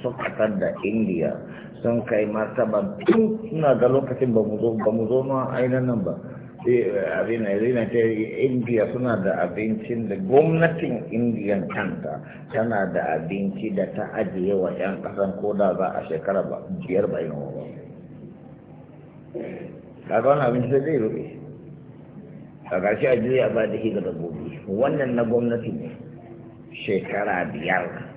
sukatar da indiya sun kai martaba tun suna ga lokacin ba mu zo na ainihin nan ba abin eh, da zai indiya suna da abincin da gwamnatin indiyan kanta tana da abinci da ta ajiye wa 'yan kasan koda za a shekara biyar ba yin wa kaga wani abinci zai rufe a ƙarshe a juya ba da hidar ga dabbobi wannan na gwamnati ne shekara biyar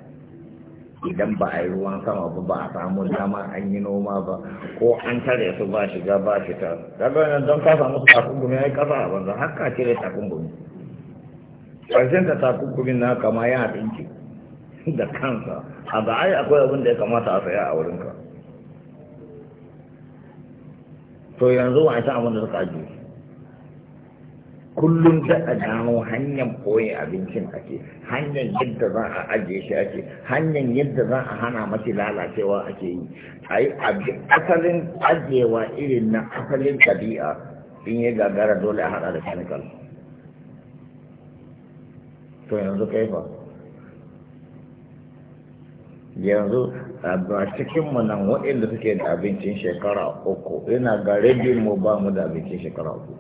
idan ba a yi ruwan sama ba ba a samu dama an yi noma ba ko an tare su ba shiga ba fita daga don ka samu takunkumi ya yi kasa a banza har ka cire takungumi ƙarshen ka takungumin na kama ya tsinci da kansa a ga ai akwai abin da ya kamata a saya a wurinka to yanzu wa ita abin da suka ajiye kullum da a gano hanyar koyi abincin ake hanyar yadda za a ajiye shi ake hanyar yadda za a hana mace lalacewa ake yi a yi asalin ajiyewa irin na asalin ɗabi'a in ya gagara dole a hada da chemical to yanzu kai fa yanzu a cikin mu nan waɗanda suke da abincin shekara uku ina ga rabin mu ba mu da abincin shekara uku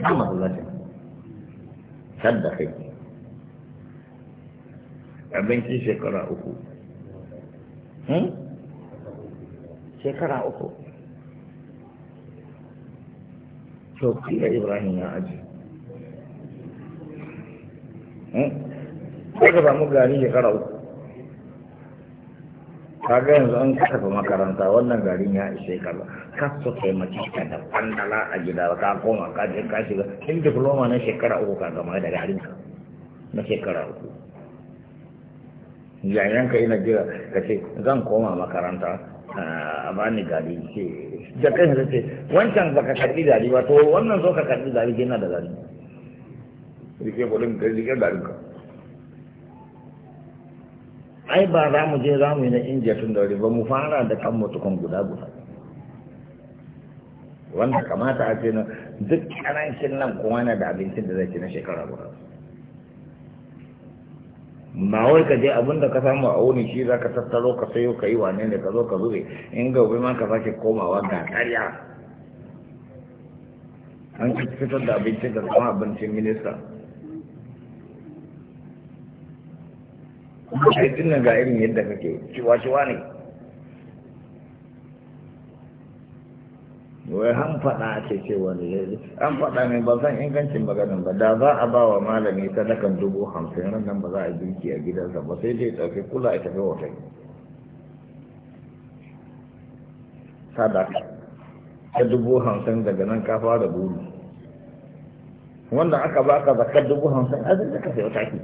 na masallacin can da kai abinci shekara uku hmm? shekara uku to kila ibrahim ya aji hmm? sai ka samu gani shekara uku kaga yanzu an kafa makaranta wannan garin ya ishe kaza kasu taimaki ka da kwandala a gida ka koma ka je ka shiga in diploma na shekara uku ka gama da garin ka na shekara uku yayin ka ina jira ka ce zan koma makaranta a bani gari ce da kai ka ce wancan ba ka karbi gari ba to wannan zo ka karbi gari na da gari rike kudin ka rike garin ka ai ba za mu je za mu yi na injiya tun da wuri ba mu fara da kan mutukan guda guda wanda kamata a ce na duk karancin nan kuma na da abincin da zai ci na shekara guda ba wai ka je abin da ka samu a wuni shi za ka tattaro ka sayo ka yi wane ne ka zo ka zube in gobe ma ka sake komawa ga karya an ci fitar da abincin da kuma abincin minista aikin nan ga irin yadda kake ciwa-ciwa ne wai an faɗa ake cewa da yaji an faɗa ne ba zan ingancin maganin ba da za a ba wa malami sadakan dubu hamsin ran nan ba za a girki a gidansa ba sai dai ɗauki kula a tafi wata sadaka ta dubu hamsin daga nan ka fara buru wanda aka ba ka zakar dubu hamsin a zai ka sayo taki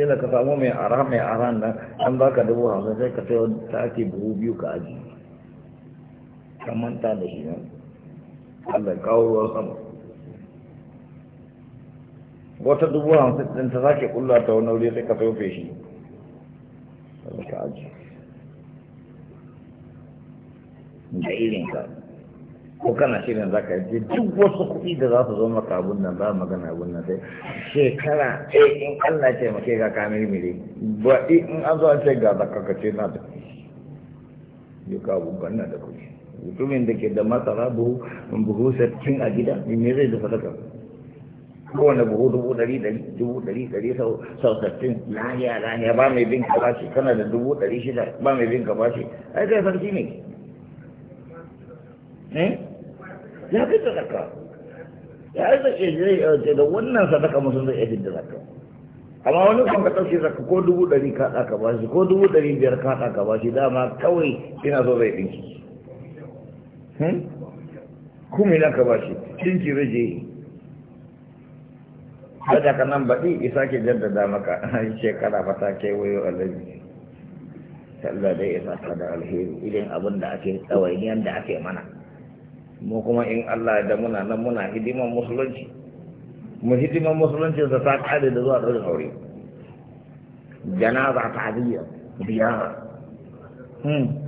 sai da ka samu mai ara mai ara nan an baka dubu hamsin sai ka sayo taki buhu biyu ka aji kan manta da shi nan Allah kawo ruwan sama wata dubu hamsin ɗin ta sake kulla ta wani wuri sai ka sofe shi ka aji da irin ka ko kana shirin za ka je duk wasu kuɗi da za su zo maka abun nan za magana abun nan sai shekara ɗaya in Allah ce maka ga ka mirmire ba in an zo an ce ga zakaka ce na da yi ka abun na da kuɗi mutumin da ke da masara buhu buhu sattin a gida me zai da sadaka kowane buhu dubu dari dari, dubu dari dari sau sattin lahiya lahiya ba mai bin kabashi kana da dubu dari shida ba mai bin kabashi ai kai sarki ne eh? ya fi sadaka ya yi sake zai yawace da wannan sadaka musu zai yi da zaka amma wani kan ka tafi zaka ko dubu dari ka ɗaka ba shi ko dubu dari biyar ka ɗaka ba shi dama kawai ina so zai ɗinki Hmm? kumi na ka bashi shi cinci raje hada ka nan baɗi isa ke jaddada maka <laughs> shekara fata ke wayo alaji sallah dai isa ka da alheri Idan abin da ake tsawainiyar da ake mana mu kuma in Allah da muna nan muna hidiman musulunci mu hidiman musulunci da ta kare da zuwa ɗaurin aure janaza ta biya biyar hmm.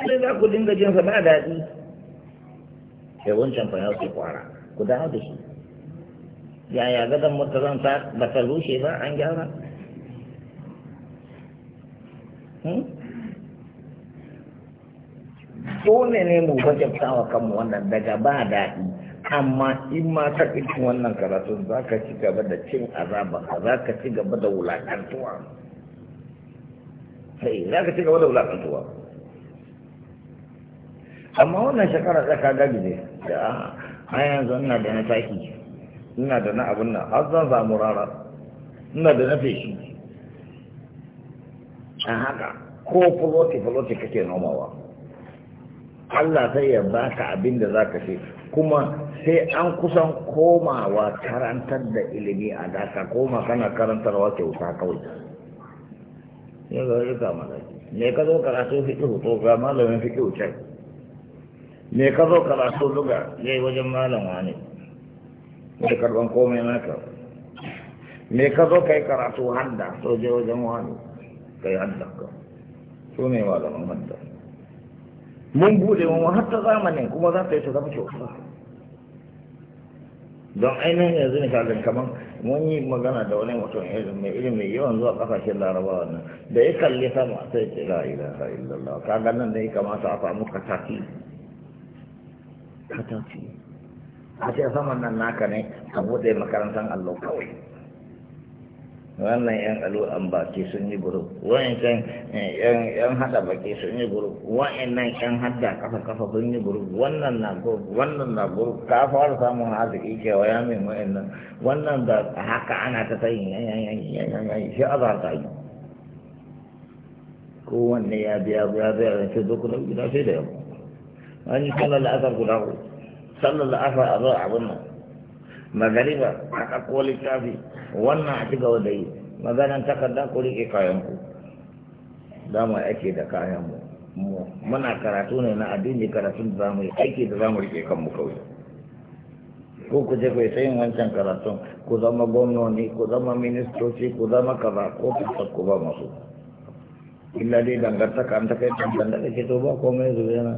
sai za ku dinga jinsa ba daɗi da wancan fa yau ke kwara ku dawo da shi yaya gadon mutazanta ba ta rushe ba an gyara so hmm? ne mu wajabta wa kanmu wannan daga ba daɗi amma in ma ta cikin wannan karatu za ka ci gaba da cin azaba za ka ci gaba da wulaƙantuwa kai za ka ci gaba da wulaƙantuwa amma wannan shekara da ka gaji ne da a ah, yanzu ina da na taki ina da na abin nan har zan samu rara ina da na feshi a haka ko fuloti-fuloti kake nomawa Allah sai ya baka abin da za ka ce kuma sai an kusan komawa karantar da ilimi a daka koma kana karantarwa kyauta kawai ya ga malaki me ka zo karatu fiqh to ga malamin fiqh can me ka zo karatu luga yayi wajen malam wani wani karban komai naka me ka zo kai karatu hadda to je wajen wani kai hadda ka su ne malaman hadda mun bude mun hatta zamanin kuma za ta yi ta zama kyauta don ainihin yanzu ne kamar mun yi magana da wani mutum mai ilimi yawan zuwa kasashen larabawa nan da ya kalli sama sai ce la ilaha illallah kaga nan ne kamata a samu kataki kataki a ce saman nan naka ne a buɗe makarantar allo kawai wannan yan alu'an baki sun yi buru. wa'ancan eh, yan hada baki sun yi wa'in nan yan hada kafa kafa sun yi buru. wannan na buru. wannan na buru ka fara samun ike wa ya min nan wannan da haka ana ta sayin yanyanyanyanyanyan shi a zarta yi kowanne ya biya biya biya da ke zo kuna gida sai da yau an yi sallar la'asar guda sallar la'asar a zo abin nan magariba a ɗauko littafi wannan a cigaba da yi maganan takarda ku riƙe kayanku za mu ake da kayanmu muna karatu ne na addini karatun da za mu yi aiki da za mu riƙe kanmu kawai ko ku je kai sayin wancan karatun ku zama gwamnoni ku zama ministoci ku zama kaza ko ku ku ba masu illa dai dangantaka an ta kai da ke to ba komai zuwa yana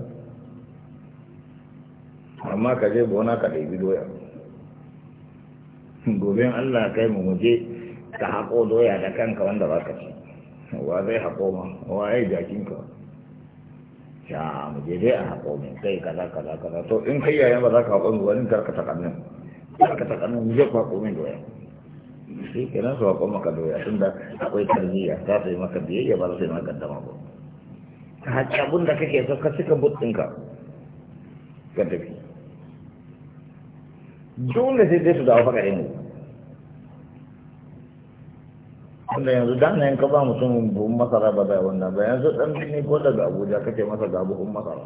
amma ka je gona ka ɗebi doya gobe Allah kai mu muje ka haƙo doya da kanka wanda ba ka ci wa zai haƙo ma wa ya yi jakinka ya muje dai a haƙo min kai kaza kaza kaza to in kai yayan ba za ka haƙo min wani karka ta kannin karka ta kannin muje ku haƙo min doya shi kenan su haƙo maka doya tunda akwai tarbiyya ta su yi maka biyayya ba za yi maka dama ba ka haƙi abin da kake so ka cika buɗinka ka tafi dole sai dai su dawo faɗa yin wanda yanzu da in ka ba mutum buhun masara ba zai wannan ba yanzu dan birni ko daga abuja kake masa ga buhun masara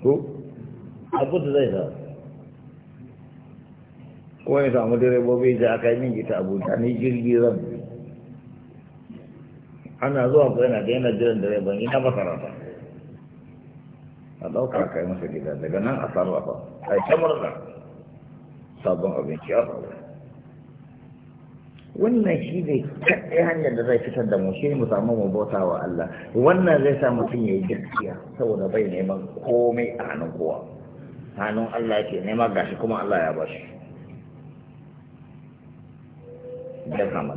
ko abu da zai sa ko ya samu direbobi da aka yi min ita abuja ni jirgi zan ana zuwa ko yana da yana jiran direban ina masara ba a ɗauka kai masa gida daga nan a sarrafa a yi ta da sabon abinci a sarrafa wannan shi ne kaɗai hanyar da zai fitar da mu shi mu samu mu bauta wa Allah wannan zai sa mutum ya yi gaskiya saboda bai neman komai a hannun kowa hannun Allah ke nema gashi kuma Allah ya bashi dan kama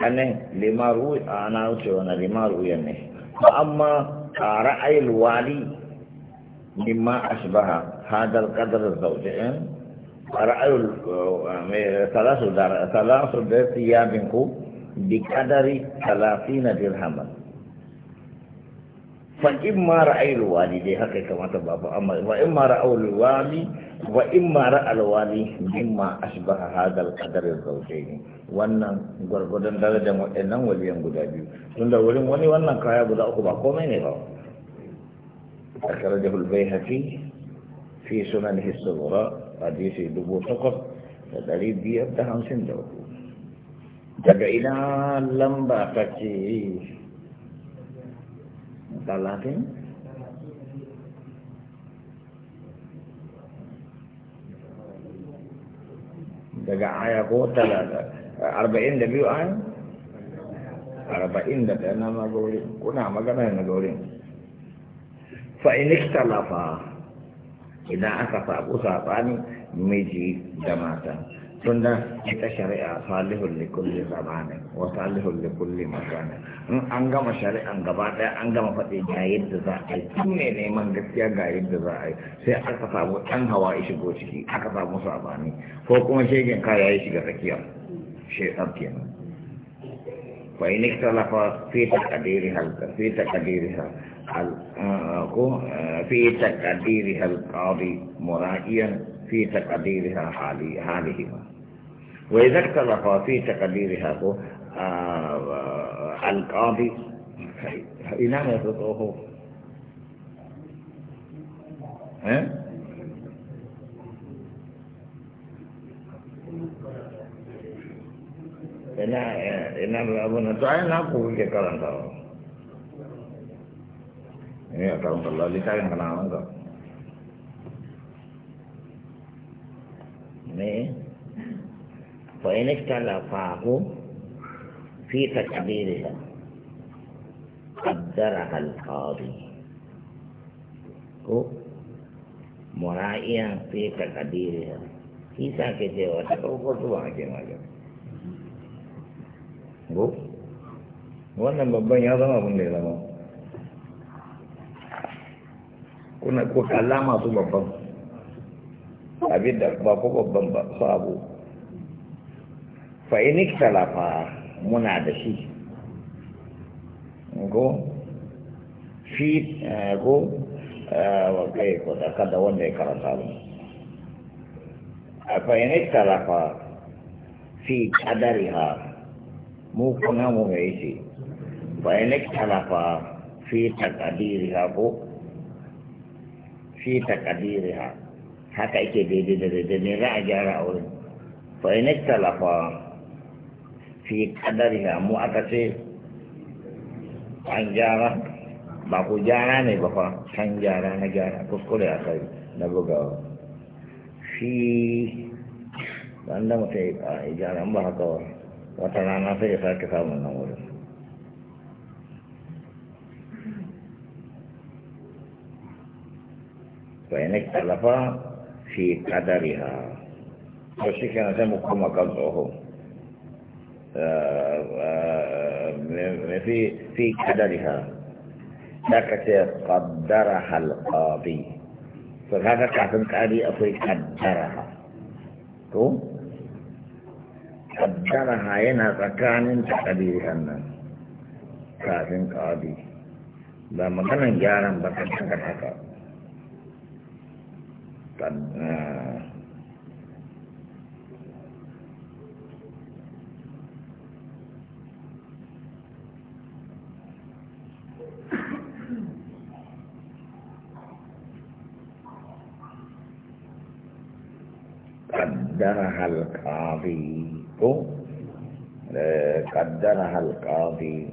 kanin limaru ana wuce wani limaru ya ne Ba amma ra'ayil wali mimma asbaha hadar kadar zaujiyar ra'ayul salasu eh, da salasu da siyabin ku bi kadari 30 dirhaman fa imma ra'ayul walidi haka kamata babu amma wa imma ra'ayul wali wa imma ra'al wali mimma asbaha hadal qadar zawjayn wannan gurgudan darajar waɗannan waliyan guda biyu tunda wurin wani wannan kaya guda uku ba komai ne ba أخرجه البيهقي في سننه الصغرى hadisi dubu takwas da ɗari biyar da hamsin da uku daga ina lamba ta ce talatin daga aya ko talata arba'in da biyu aya arba'in da ɗaya na magaurin kuna magana na magaurin fa'inik talafa idan aka sabu sabani miji da mata tunda ita shari'a salihun li kulli zamanin wa salihun li kulli makanin in an gama shari'an gaba daya an gama faɗi ga yadda za a yi tun ne neman gaskiya ga yadda za a yi sai aka samu ɗan hawa ya shigo ciki aka samu sabani ko kuma shegen kaya ya shiga tsakiya tsabke kenan fa in ikhtalafa fi taqdiriha fi taqdiriha آه، آه، في تقديرها القاضي مراعيا في تقديرها حالهما وإذا اختلف في تقديرها آه، القاضي إلى ما يستطيعه إلى ina abun to ai na ku ke karantawa ini ya kawan kalau yang kenal kok ini فإن اختلفاه في تكبيرها قدرها القاضي ko mura'iya fi takadiriya shi sa ke ce wata ɗaukar zuwa ake magana ko wannan babban ya zama abin da ya zama kuna ko kalla masu babban abin da ba ko babban ba su abu fa'inik talafa muna da shi go fi eh, go wa eh, kai ko da wanda ya karanta mu fa'inik talafa fi kadariha mu kuma mu mai shi fa'inik talafa fi takadiriha ko fi taqdiriha haka yake daidai da daidai ne za a gyara a wurin fa in ikhtalafa fi qadariha mu aka ce an gyara ba ku gyara ne ba fa can gyara na gyara kuskure a kai na bugawa fi wanda mutum ya gyara ba haka wata rana sai ya sake samun nan wurin وإن اختلفا في قدرها وشكنا كما قلته آه، آه، آه، في في قدرها سكت قدرها القاضي فهذا كافن قاضي أخي قدرها تو قدرها ينا تكان تقدير أنه كافن قاضي لما كان جارا بكتك حقا قدرها القاضي قدرها القاضي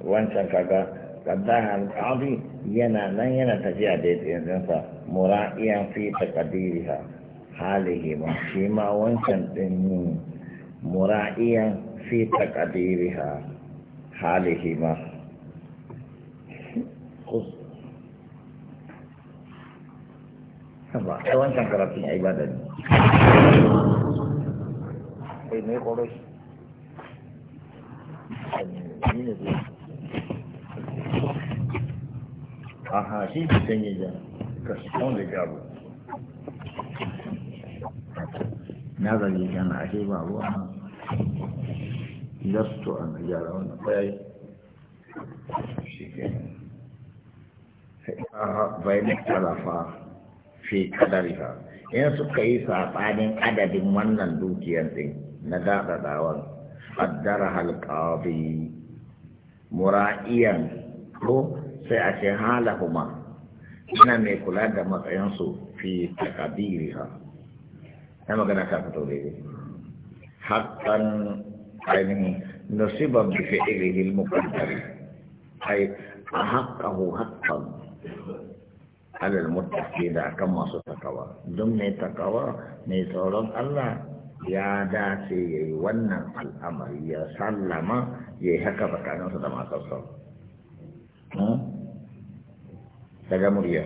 وانت كذا قدرها القاضي yana nan yana tafiya da yanzinsa mura'iyan fi taqdiriha halihi ma shi ma wancan din fi taqdiriha halihi ma Sama, ai wancan karatun ya ibada ne. Ai, mai ƙorai. Ai, ne zai. aha shi ne sanya ja ka son da jabo na zargi kana ashe ba ruwa ma a an a wannan bayan shi ke aha bayan talafa fi kadariha in suka yi saɓanin adadin wannan dukiyar ɗin na daɗaɗawar addara halƙabi mura'iyan ko sai a ce halahuma ina mai kula da matsayinsu fi takabiriha na magana ta fito daidai haƙƙan ainihin nasiban bi fi'ilihi al-muqaddari ay haqqahu haqqan ala al-muttaqin da akan masu takawa don mai takawa mai tsoron Allah ya dace ya yi wannan al'amari ya sallama ya yi haka tsakaninsa da masu sau hmm? daga murya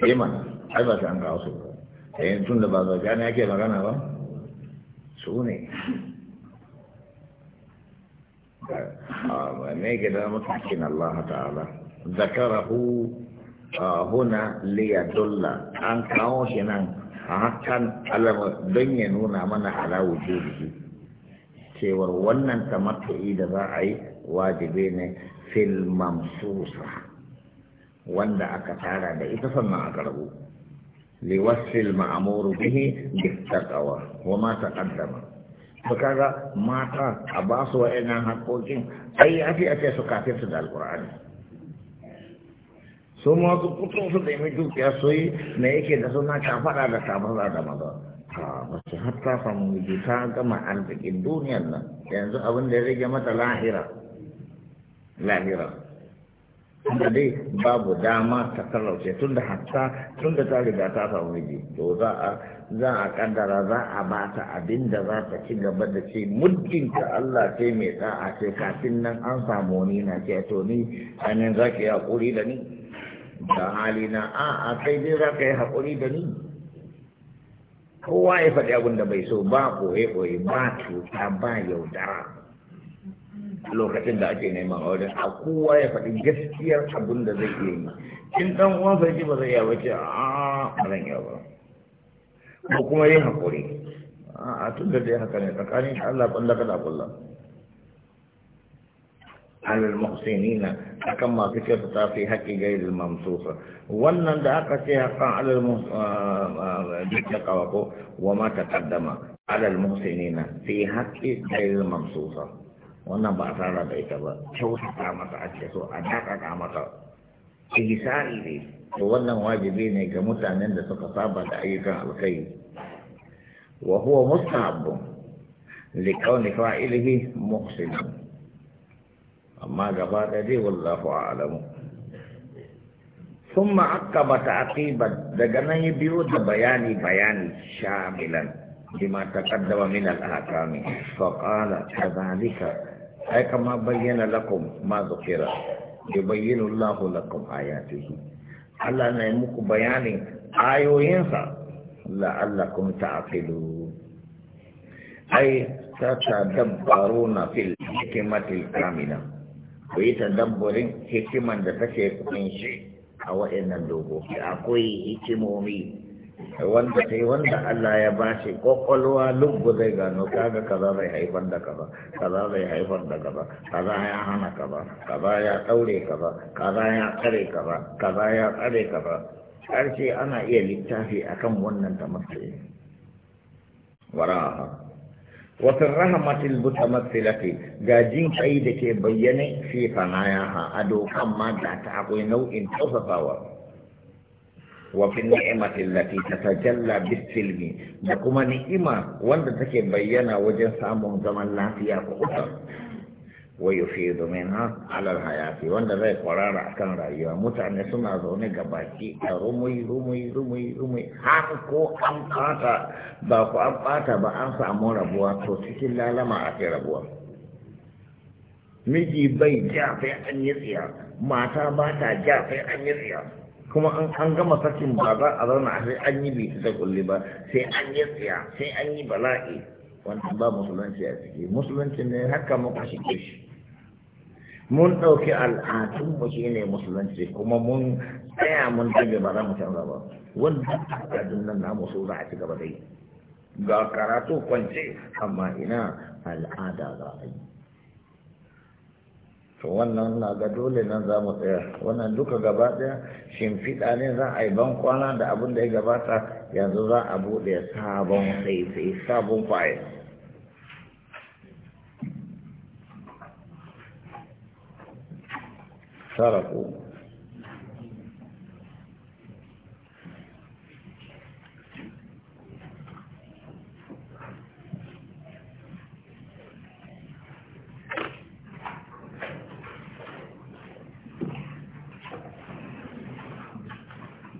ke eh, mana ai ba an kawo su da yin eh, tun da ba zai gane ake magana ba su ne ah, ne gida mutakin Allah ta'ala zakarahu ah, huna liyadulla an kawo shi nan a hakan alama don ya nuna mana ala wujudihi cewar wannan tamattu'i da za a yi wajibi ne fil mamsusa wanda aka tara da ita sannan aka rabu liwassil ma'amuru bihi bittaqwa wa ma taqaddama to kaga mata a ba su wa'annan haƙoƙin ai fi a ce su su da alƙur'ani su ma su fito su nemi dukiya su yi na yake da suna kafada da kafada da maza a wasu hatta famu ta gama arzikin duniyar nan yanzu abin da ya rage mata lahira lahira tunda babu dama ta talauce tunda hatta tunda ta riga ta samu miji to za a za a kaddara za a bata abin da za ta ci gaba da ce muddin ka Allah ce mai a ce kafin nan an samu ni na ce to ni an za ki hakuri da ni da hali na a a kai dai za ka yi hakuri da ni kowa ya faɗi abin da bai so ba koye-koye ba cuta ba yaudara lokacin da ake neman auren a kowa ya faɗi gaskiyar abin da zai iya yi in ɗan uwan sarki ba zai yawa ce a ba zan yawa ba ko kuma yin haƙuri a tun da dai haka ne tsakanin Allah ƙulla kada kwallo alal muhsinina akan ta tafi fi ga gairil mamsusa wannan da aka ce haƙƙan alal muhsinina ko wa ma taqaddama alal muhsinina fi ga gairil mamsusa wannan ba a tsara da ita ba kyautata masa ake so a dakaka maka. ihsani ne to wannan wajibi ne ga mutanen da suka saba da ayyukan alkai wa huwa mustahabbun li kauni fa'ilihi muhsin amma gaba da dai wallahu a'lamu ثم عقب تعقيبا دغنا يبيو بياني بياني شاملا بما تقدم من الأحكام فقال كذلك أي كما بين لكم ما ذكر يبين الله لكم آياته ألا نعمك بيان آيو ينفع لعلكم تعقلون أي تتدبرون في الحكمة الكاملة ويتدبر حكمة تتشيك من شيء أو إن الدوبو أقوي حكمومي wanda sai wanda Allah ya bashi kokolwa lubu zai gano kaga kaza zai haifar da kaza kaza zai haifar da kaza kaza ya hana kaza kaza ya daure kaza kaza ya tsare kaza kaza ya tsare kaza karshe ana iya littafi akan wannan ta tamassul waraha wata rahamatil mutamathilati ga jin kai da ke bayyane fi fanayaha a dokan ma da ta akwai nau'in tausasawa وفي النعمة التي تتجلى بالسلم لكم نعمة وانت تكبينا وجن سامون زمن لا فيها أسر ويفيد منها على الحياة وانت ذي قرار كان رأيها متعنى سنة ذوني قباكي رمي رمي رمي رمي حقو أم قاتا باقو أم قاتا بأم سامون ربوا توسيك الله لما أتي ربوا ميجي بي جافي أن يسيا ماتا باتا جافي أن يسيا kuma an gama sakin ba za a zauna sai an yi bita da kulli ba sai an yi tsaya sai an yi bala'i wannan ba musulunci a ciki musulunci ne haka muka shige shi mun ɗauki al'adun mu shi ne musulunci kuma mun tsaya mun dage ba za mu canza ba wannan al'adun nan namu so za a ci gaba da yi ga karatu kwance amma ina al'ada za a yi to wannan na ga dole nan za mu tsaya wannan duka gaba ɗaya shimfiɗa ne za a yi ban kwana da abin da ya gabata yanzu za a buɗe sabon sai sabon kwaye sarafu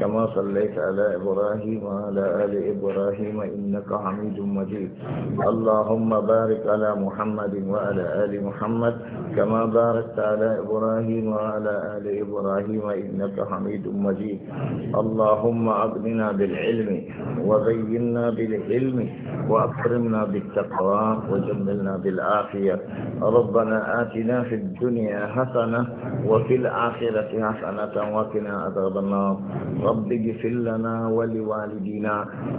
كما صليت على إبراهيم وعلى آل إبراهيم إنك حميد مجيد اللهم بارك على محمد وعلى آل محمد كما باركت على إبراهيم وعلى آل إبراهيم إنك حميد مجيد اللهم أغننا بالعلم وزينا بالعلم وأكرمنا بالتقوى وجملنا بالعافية ربنا آتنا في الدنيا حسنة وفي الآخرة حسنة وقنا عذاب النار رب اغفر لنا ولوالدينا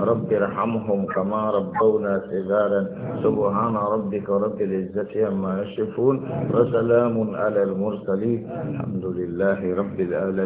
رب ارحمهم كما ربونا صغارا سبحان ربك رب العزة عما يصفون وسلام على المرسلين الحمد لله رب العالمين